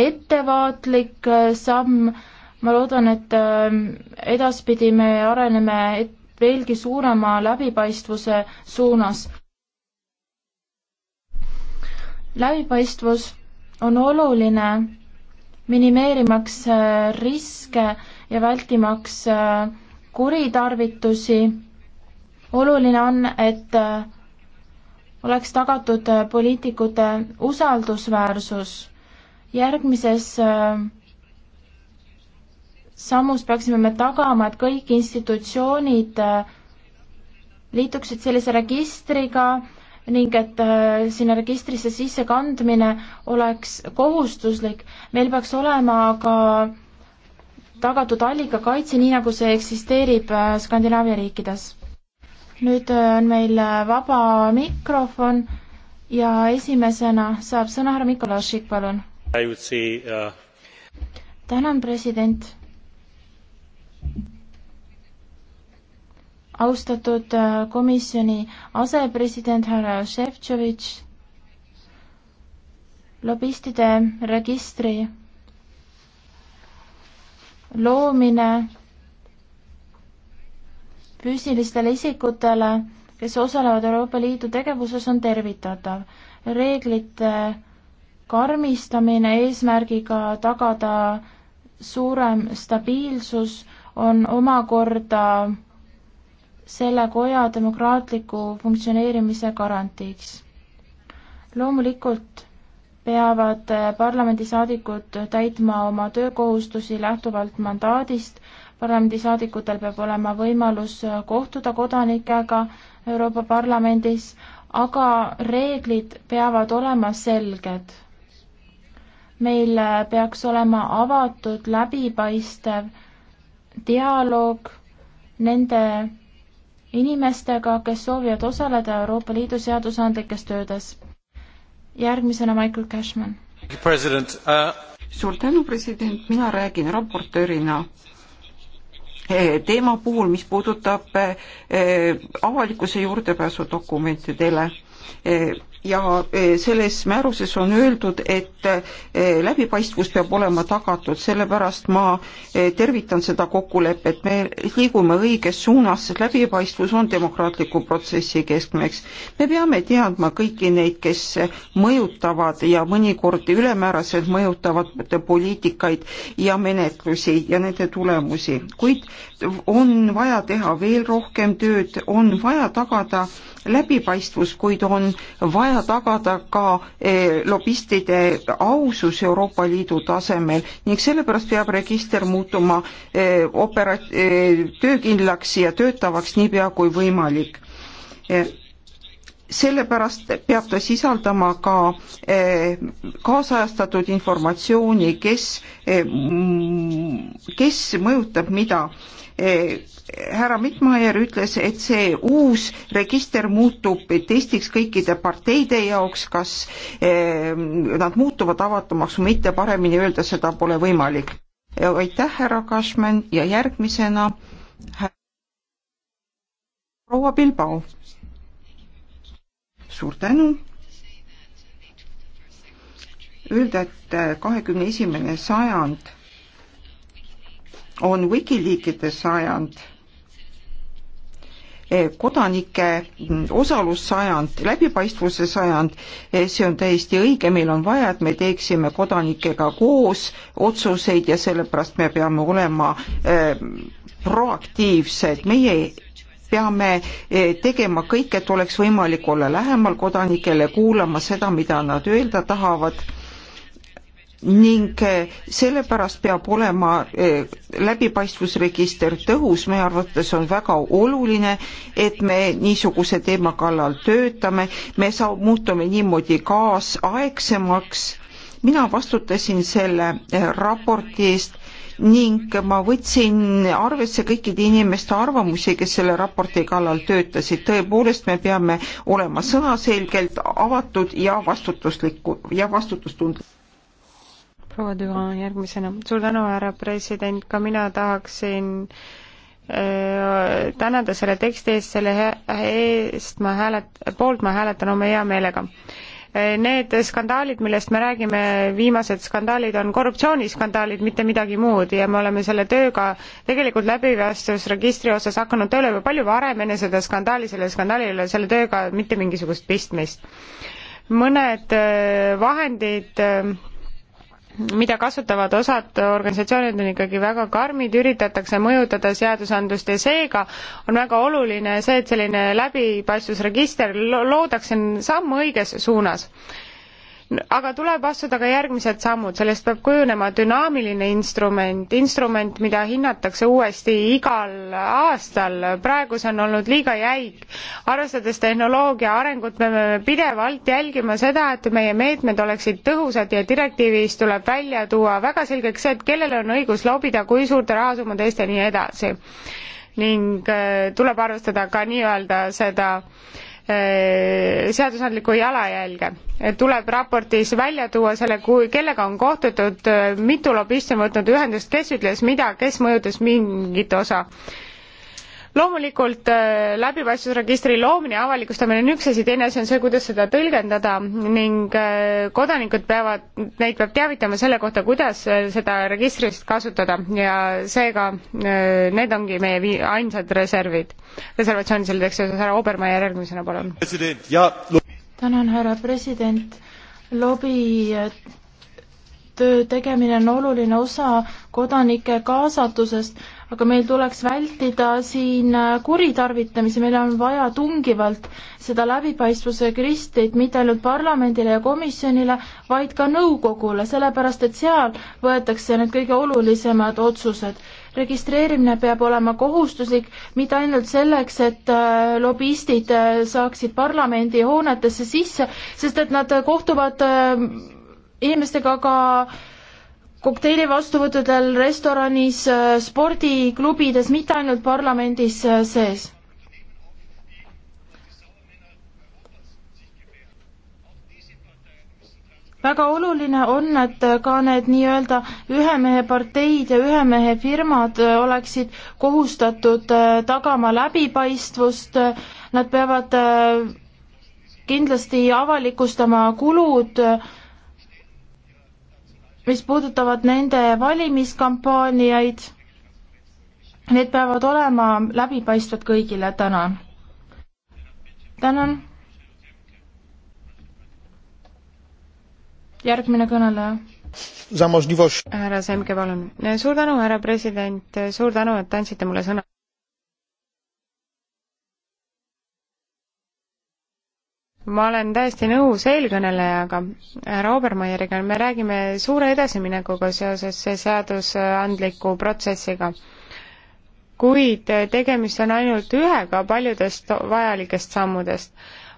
ettevaatlik äh, samm ma loodan, et ähm, edaspidi me areneme veelgi suurema läbipaistvuse suunas. läbipaistvus on oluline minimeerimaks äh, riske ja vältimaks äh, kuritarvitusi. oluline on, et äh, oleks tagatud poliitikute usaldusväärsus. järgmises sammus peaksime me tagama, et kõik institutsioonid äh, liituksid sellise registriga ning et äh, sinna registrisse sissekandmine oleks kohustuslik. meil peaks olema ka tagatud allikakaitse, nii nagu see eksisteerib äh, Skandinaavia riikides. nüüd on meil vaba mikrofon ja esimesena saab sõna härra Mikolašik, palun. Uh, tänan, president austatud äh, komisjoni asepresident härra Šefčovitš, lobistide registri loomine füüsilistele isikutele, kes osalevad Euroopa Liidu tegevuses, on tervitatav. reeglite karmistamine eesmärgiga tagada suurem stabiilsus on omakorda selle koja demokraatliku funktsioneerimise garantiiks. loomulikult peavad parlamendisaadikud täitma oma töökohustusi lähtuvalt mandaadist, parlamendisaadikutel peab olema võimalus kohtuda kodanikega Euroopa Parlamendis, aga reeglid peavad olema selged. meil peaks olema avatud, läbipaistev dialoog nende inimestega, kes soovivad osaleda Euroopa Liidu seadusandlikes töödes. järgmisena Michael Cashman. Uh... suur tänu, president, mina räägin raportöörina eh, teema puhul, mis puudutab eh, eh, avalikkuse juurdepääsu dokumentidele ja eh, selles määruses on öeldud, et eh, läbipaistvus peab olema tagatud, sellepärast ma eh, tervitan seda kokkulepet, me liigume õiges suunas, sest läbipaistvus on demokraatliku protsessi keskmeks. me peame teadma kõiki neid, kes mõjutavad ja mõnikord ülemääraselt mõjutavad poliitikaid ja menetlusi ja nende tulemusi, kuid on vaja teha veel rohkem tööd, on vaja tagada läbipaistvus, kuid on vaja vaja tagada ka eh, lobistide ausus Euroopa Liidu tasemel ning sellepärast peab register muutuma eh, opera-, eh, töökindlaks ja töötavaks niipea kui võimalik sellepärast peab ta sisaldama ka kaasajastatud informatsiooni, kes, kes mõjutab mida Eh, härra Mittmaier ütles, et see uus register muutub testiks kõikide parteide jaoks, kas eh, nad muutuvad avatumaks või mitte, paremini öelda seda pole võimalik. aitäh, härra Kašmen ja järgmisena proua Bilbao. suur tänu öelda, et kahekümne esimene sajand on Wikileakide sajand, eh, kodanike osalussajand, läbipaistvuse sajand, eh, see on täiesti õige, meil on vaja, et me teeksime kodanikega koos otsuseid ja sellepärast me peame olema eh, proaktiivsed, meie peame tegema kõik, et oleks võimalik olla lähemal kodanikele, kuulama seda, mida nad öelda tahavad ning eh, sellepärast peab olema eh, läbipaistvusregister tõhus, meie arvates on väga oluline, et me niisuguse teema kallal töötame, me saa-, muutume niimoodi kaasaegsemaks, mina vastutasin selle eh, raporti eest ning ma võtsin arvesse kõikide inimeste arvamusi, kes selle raporti kallal töötasid, tõepoolest me peame olema sõnaselgelt avatud ja vastutuslikud ja vastutustundlikud proua Düva järgmisena. suur tänu, härra president, ka mina tahaksin öö, äh, tänada selle teksti eest, selle eest ma häälet-, poolt ma hääletan oma hea meelega. Äh, need skandaalid, millest me räägime, viimased skandaalid on korruptsiooniskandaalid, mitte midagi muud ja me oleme selle tööga tegelikult läbipaistvusregistri osas hakanud tööle juba palju varem, enne seda skandaali, sellel skandaalil ei ole selle tööga mitte mingisugust pistmist. mõned äh, vahendid öö, mida kasutavad osad organisatsioonid, on ikkagi väga karmid, üritatakse mõjutada seadusandlust ja seega on väga oluline see, et selline läbipaistvusregister loodaks samm õiges suunas aga tuleb astuda ka järgmised sammud, sellest peab kujunema dünaamiline instrument, instrument, mida hinnatakse uuesti igal aastal, praegu see on olnud liiga jäik. arvestades tehnoloogia arengut, me peame pidevalt jälgima seda, et meie meetmed oleksid tõhusad ja direktiivis tuleb välja tuua väga selgeks see, et kellel on õigus lobida, kui suurte rahasummade eest ja nii edasi. ning äh, tuleb arvestada ka nii-öelda seda äh, seadusandlikku jalajälge. tuleb raportis välja tuua selle, kui, kellega on kohtutud, mitu lobisti on võtnud ühendust, kes ütles mida, kes mõjutas mingit osa loomulikult äh, läbipaistvusregistri loomine ja avalikustamine on üks asi, teine asi on see, kuidas seda tõlgendada ning äh, kodanikud peavad, neid peab teavitama selle kohta, kuidas äh, seda registrist kasutada ja seega need ongi meie vii-, ainsad reservid, reservatsioonid selle teksti osas, härra Obermaa järgmisena, palun. tänan, härra president, lobi töö tegemine on oluline osa kodanike kaasatusest aga meil tuleks vältida siin äh, kuritarvitamisi, meil on vaja tungivalt seda läbipaistvuse kristit mitte ainult parlamendile ja komisjonile, vaid ka nõukogule, sellepärast et seal võetakse need kõige olulisemad otsused. registreerimine peab olema kohustuslik mitte ainult selleks, et äh, lobistid äh, saaksid parlamendi hoonetesse sisse, sest et nad kohtuvad inimestega ka äh, kokteili vastuvõttudel, restoranis, äh, spordiklubides, mitte ainult parlamendis äh, sees. väga oluline on, et äh, ka need nii-öelda ühe mehe parteid ja ühe mehe firmad oleksid kohustatud tagama läbipaistvust, nad peavad kindlasti avalikustama kulud äh, mis puudutavad nende valimiskampaaniaid, need peavad olema läbipaistvad kõigile, tänan. tänan. järgmine kõneleja. härra Semke, palun. suur tänu, härra president, suur tänu, et andsite mulle sõna ma olen täiesti nõus eelkõnelejaga, härra Obermeieriga, me räägime suure edasiminekuga seoses seadusandliku protsessiga. kuid tegemist on ainult ühega paljudest vajalikest sammudest.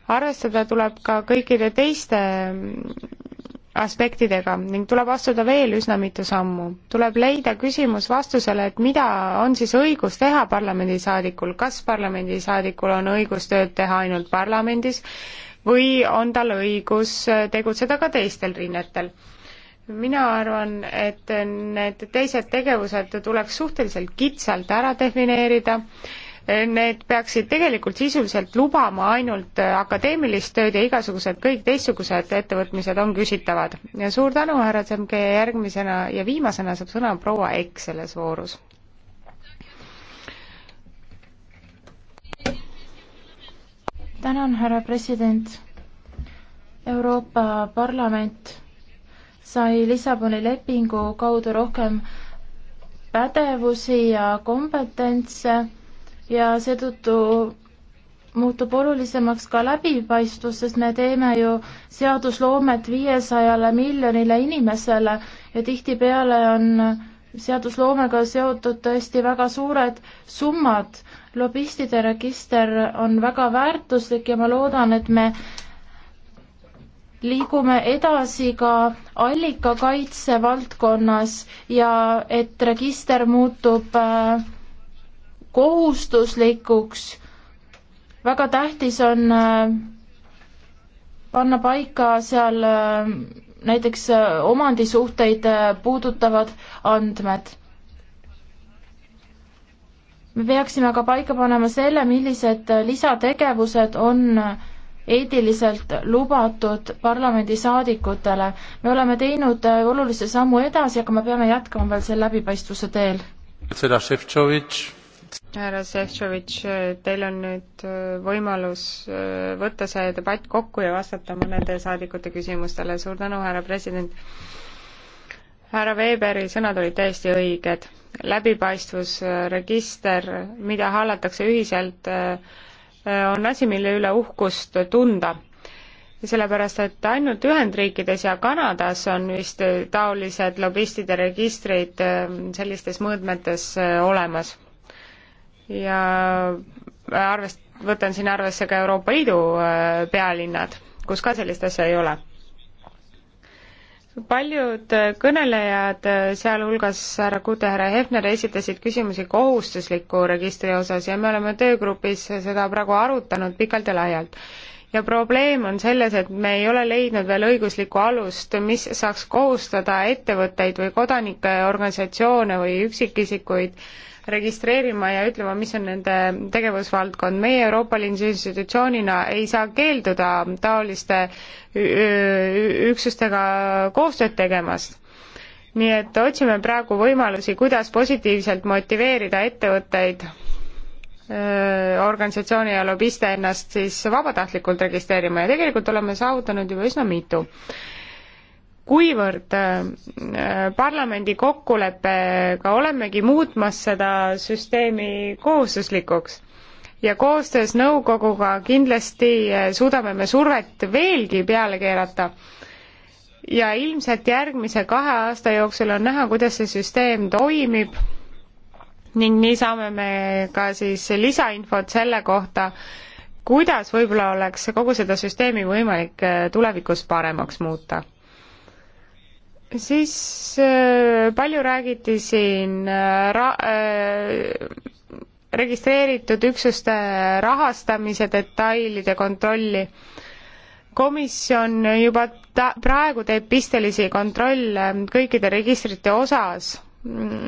arvestada tuleb ka kõikide teiste aspektidega ning tuleb astuda veel üsna mitu sammu. tuleb leida küsimus vastusele, et mida on siis õigus teha parlamendisaadikul, kas parlamendisaadikul on õigus tööd teha ainult parlamendis või on tal õigus äh, tegutseda ka teistel rinnetel. mina arvan, et need teised tegevused tuleks suhteliselt kitsalt ära defineerida, need peaksid tegelikult sisuliselt lubama ainult äh, akadeemilist tööd ja igasugused kõik teistsugused ettevõtmised on küsitavad. suur tänu, härra Tsemke, järgmisena ja viimasena saab sõna proua Ekk selles voorus tänan, härra president. Euroopa Parlament sai Lissaboni lepingu kaudu rohkem pädevusi ja kompetentse ja seetõttu muutub olulisemaks ka läbipaistvus, sest me teeme ju seadusloomet viiesajale miljonile inimesele ja tihtipeale on seadusloomega seotud tõesti väga suured summad. lobistide register on väga väärtuslik ja ma loodan, et me liigume edasi ka allikakaitse valdkonnas ja et register muutub äh, kohustuslikuks. väga tähtis on äh, panna paika seal äh, näiteks äh, omandisuhteid äh, puudutavad andmed. me peaksime ka paika panema selle, millised äh, lisategevused on eetiliselt lubatud parlamendisaadikutele. me oleme teinud olulise sammu edasi, aga me peame jätkama veel selle läbipaistvuse teel. seda Šefčovitš härra Šefčovitš, teil on nüüd äh, võimalus äh, võtta see debatt kokku ja vastata mõnede saadikute küsimustele. suur tänu, härra president. härra Weberi sõnad olid täiesti õiged. läbipaistvusregister, äh, mida hallatakse ühiselt, on asi, mille üle uhkust tunda sellepärast, et ainult Ühendriikides ja Kanadas on vist taolised lobistide registrid sellistes mõõtmetes olemas ja arvest-, võtan siin arvesse ka Euroopa Liidu äh, pealinnad, kus ka sellist asja ei ole. paljud kõnelejad, äh, sealhulgas härra Kute, härra Hefner, esitasid küsimusi kohustusliku registri osas ja me oleme töögrupis seda praegu arutanud pikalt ja laialt ja probleem on selles, et me ei ole leidnud veel õiguslikku alust, mis saaks kohustada ettevõtteid või kodanikke, organisatsioone või üksikisikuid registreerima ja ütlema, mis on nende tegevusvaldkond. meie Euroopa Liidu institutsioonina ei saa keelduda taoliste üksustega koostööd tegemast nii et otsime praegu võimalusi, kuidas positiivselt motiveerida ettevõtteid organisatsiooni ja lobiste ennast siis vabatahtlikult registreerima ja tegelikult oleme saavutanud juba üsna mitu kuivõrd äh, parlamendi kokkuleppega olemegi muutmas seda süsteemi kohustuslikuks ja koostöös nõukoguga kindlasti äh, suudame me survet veelgi peale keerata. ja ilmselt järgmise kahe aasta jooksul on näha, kuidas see süsteem toimib ning nii saame me ka siis lisainfot selle kohta, kuidas võib-olla oleks kogu seda süsteemi võimalik äh, tulevikus paremaks muuta siis äh, palju räägiti siin äh, ra-, äh, registreeritud üksuste rahastamise detailide kontrolli. komisjon juba ta-, praegu teeb pistelisi kontrolle kõikide registrite osas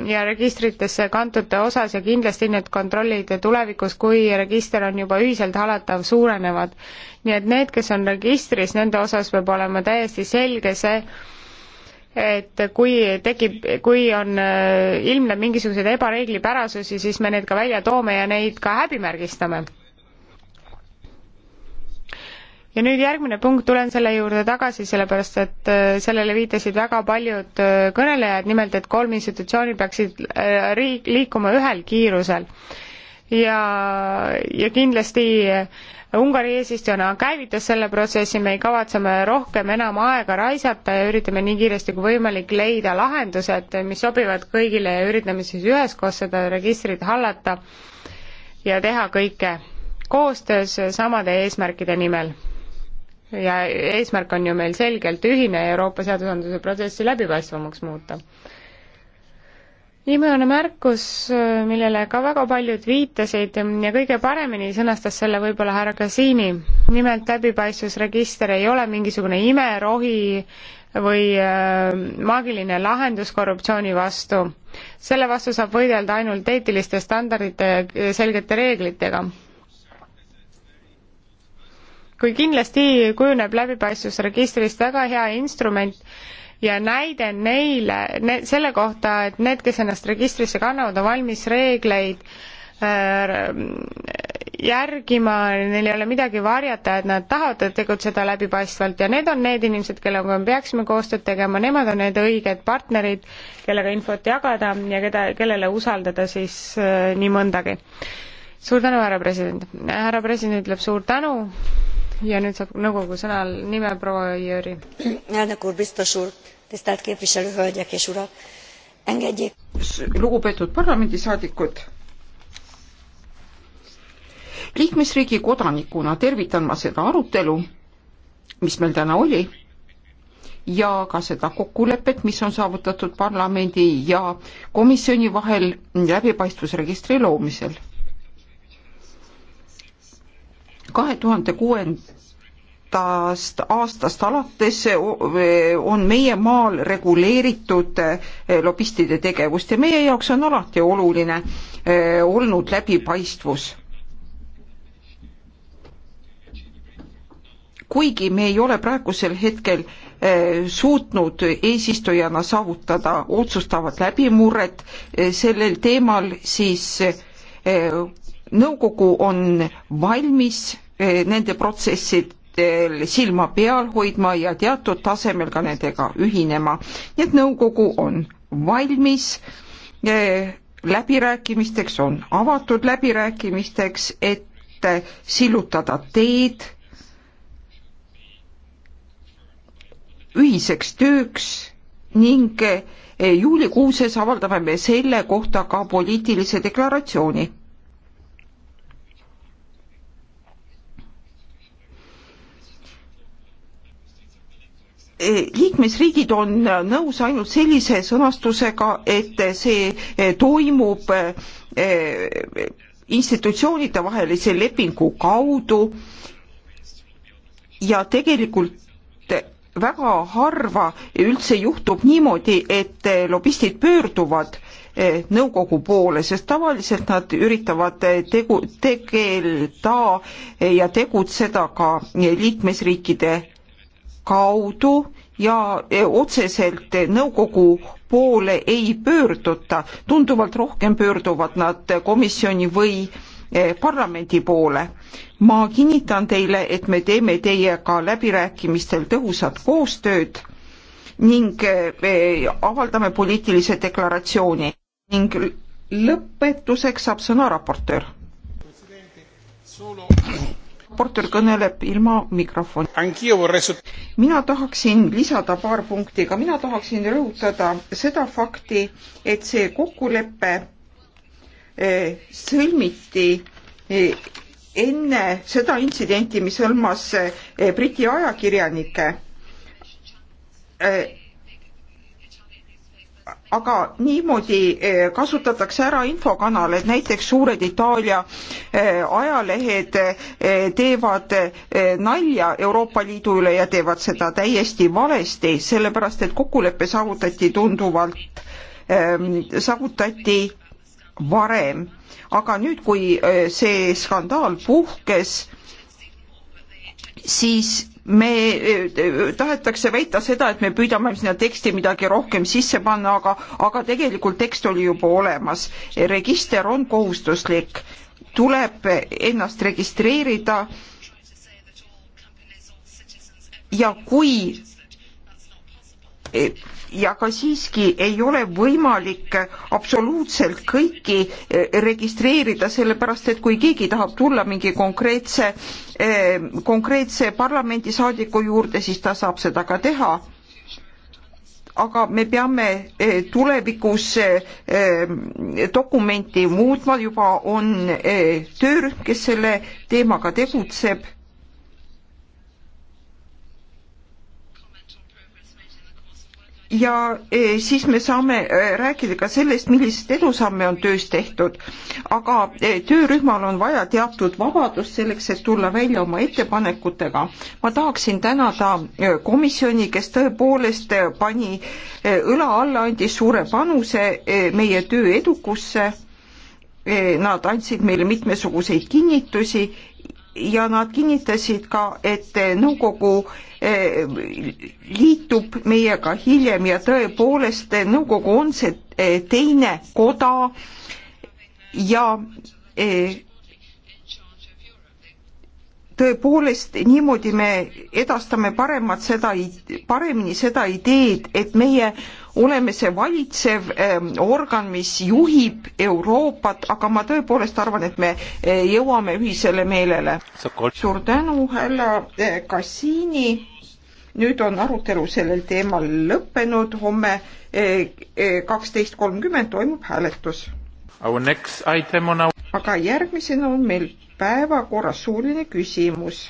ja registritesse kantute osas ja kindlasti need kontrollid tulevikus, kui register on juba ühiselt halatav, suurenevad. nii et need, kes on registris, nende osas peab olema täiesti selge see, et kui tekib, kui on, äh, ilmneb mingisuguseid ebareeglipärasusi, siis me need ka välja toome ja neid ka häbimärgistame. ja nüüd järgmine punkt, tulen selle juurde tagasi, sellepärast et äh, sellele viitasid väga paljud äh, kõnelejad, nimelt et kolm institutsiooni peaksid riik, liikuma ühel kiirusel. ja, ja kindlasti äh, Ungari eesistujana käivitas selle protsessi, me kavatseme rohkem enam aega raisata ja üritame nii kiiresti kui võimalik leida lahendused, mis sobivad kõigile ja üritame siis üheskoos seda registrit hallata ja teha kõike koostöös samade eesmärkide nimel. ja eesmärk on ju meil selgelt ühine, Euroopa seadusandluse protsessi läbipaistvamaks muuta viimane märkus, millele ka väga paljud viitasid ja kõige paremini sõnastas selle võib-olla härra Kasiini. nimelt läbipaistvusregister ei ole mingisugune imerohi või äh, maagiline lahendus korruptsiooni vastu. selle vastu saab võidelda ainult eetiliste standardite ja selgete reeglitega kui kindlasti kujuneb läbipaistvusregistrist väga hea instrument ja näide neile ne,, selle kohta, et need, kes ennast registrisse kannavad, on valmis reegleid äh, järgima, neil ei ole midagi varjata, et nad tahavad tegutseda läbipaistvalt ja need on need inimesed, kellega me peaksime koostööd tegema, nemad on need õiged partnerid, kellega infot jagada ja keda, kellele usaldada siis äh, nii mõndagi. suur tänu, härra president. härra president ütleb suur tänu ja nüüd saab nõukogu sõnal nime proua Jüri. elnök úr, biztos úr, tisztelt képviselő hölgyek és urak, engedjék. lugupeetud parlamendisaadikud. liikmesriigi kodanikuna tervitan ma seda arutelu, mis meil täna oli ja ka seda kokkulepet, mis on saavutatud parlamendi ja komisjoni vahel läbipaistvusregistri loomisel kahe tuhande kuuendast aastast alates on meie maal reguleeritud eh, lobistide tegevust ja meie jaoks on alati oluline eh, olnud läbipaistvus. kuigi me ei ole praegusel hetkel eh, suutnud eesistujana saavutada otsustavat läbimurret sellel teemal, siis nõukogu on valmis eh, nende protsessidel silma peal hoidma ja teatud tasemel ka nendega ühinema. nii et nõukogu on valmis eh, läbirääkimisteks, on avatud läbirääkimisteks, et eh, sillutada teed ühiseks tööks ning juulikuuses avaldame me selle kohta ka poliitilise deklaratsiooni Eh, liikmesriigid on äh, nõus ainult sellise sõnastusega, et äh, see äh, toimub institutsioonide vahelise lepingu kaudu ja tegelikult väga harva üldse juhtub niimoodi, et lobistid pöörduvad nõukogu poole, sest tavaliselt nad üritavad tegu, tegeleda ja tegutseda ka liikmesriikide kaudu ja eh, otseselt nõukogu poole ei pöörduta, tunduvalt rohkem pöörduvad nad komisjoni või eh, parlamendi poole. ma kinnitan teile, et me teeme teiega läbirääkimistel tõhusat koostööd ning eh, avaldame poliitilise deklaratsiooni ning lõpetuseks saab sõna raportöör raportöör kõneleb ilma mikrofoni. mina tahaksin lisada paar punkti, aga mina tahaksin rõhutada seda fakti, et see kokkulepe eh, sõlmiti eh, enne seda intsidenti, mis hõlmas eh, Briti ajakirjanikke aga niimoodi eh, kasutatakse ära infokanaleid, näiteks suured Itaalia eh, ajalehed eh, teevad nalja Euroopa Liidu üle ja teevad seda täiesti valesti, sellepärast et kokkulepe saavutati tunduvalt, ehm, saavutati varem. aga nüüd, kui see skandaal puhkes, siis me eh, eh, tahetakse väita seda, et me püüdame sinna teksti midagi rohkem sisse panna, aga, aga tegelikult tekst oli juba olemas. register on kohustuslik, tuleb ennast registreerida. ja kui Eh, ja ka siiski ei ole võimalik absoluutselt kõiki eh, registreerida, sellepärast et kui keegi tahab tulla mingi konkreetse, eh, konkreetse parlamendisaadiku juurde, siis ta saab seda ka teha. aga me peame tulevikus dokumenti muutma, juba on töörühm, kes selle teemaga tegutseb ja e, siis me saame e, rääkida ka sellest, millised edusamme on töös tehtud. aga e, töörühmal on vaja teatud vabadust selleks, et tulla välja oma ettepanekutega. ma tahaksin tänada komisjoni, kes tõepoolest pani õla alla, andis suure panuse meie töö edukusse. Nad andsid meile mitmesuguseid kinnitusi ja nad kinnitasid ka, et nõukogu eh, liitub meiega hiljem ja tõepoolest nõukogu on see eh, teine koda ja eh, tõepoolest niimoodi me edastame paremat seda, paremini seda ideed, et meie oleme see valitsev ähm, organ, mis juhib Euroopat, aga ma tõepoolest arvan, et me äh, jõuame ühisele meelele. suur tänu, härra Kassiini. Äh, nüüd on arutelu sellel teemal lõppenud, homme äh, kaksteist kolmkümmend toimub hääletus. Our... aga järgmisena on meil päevakorras suuline küsimus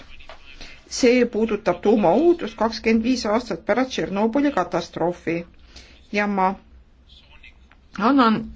see puudutab tuumaohutust kakskümmend viis aastat pärast Tšernobõli katastroofi ja ma annan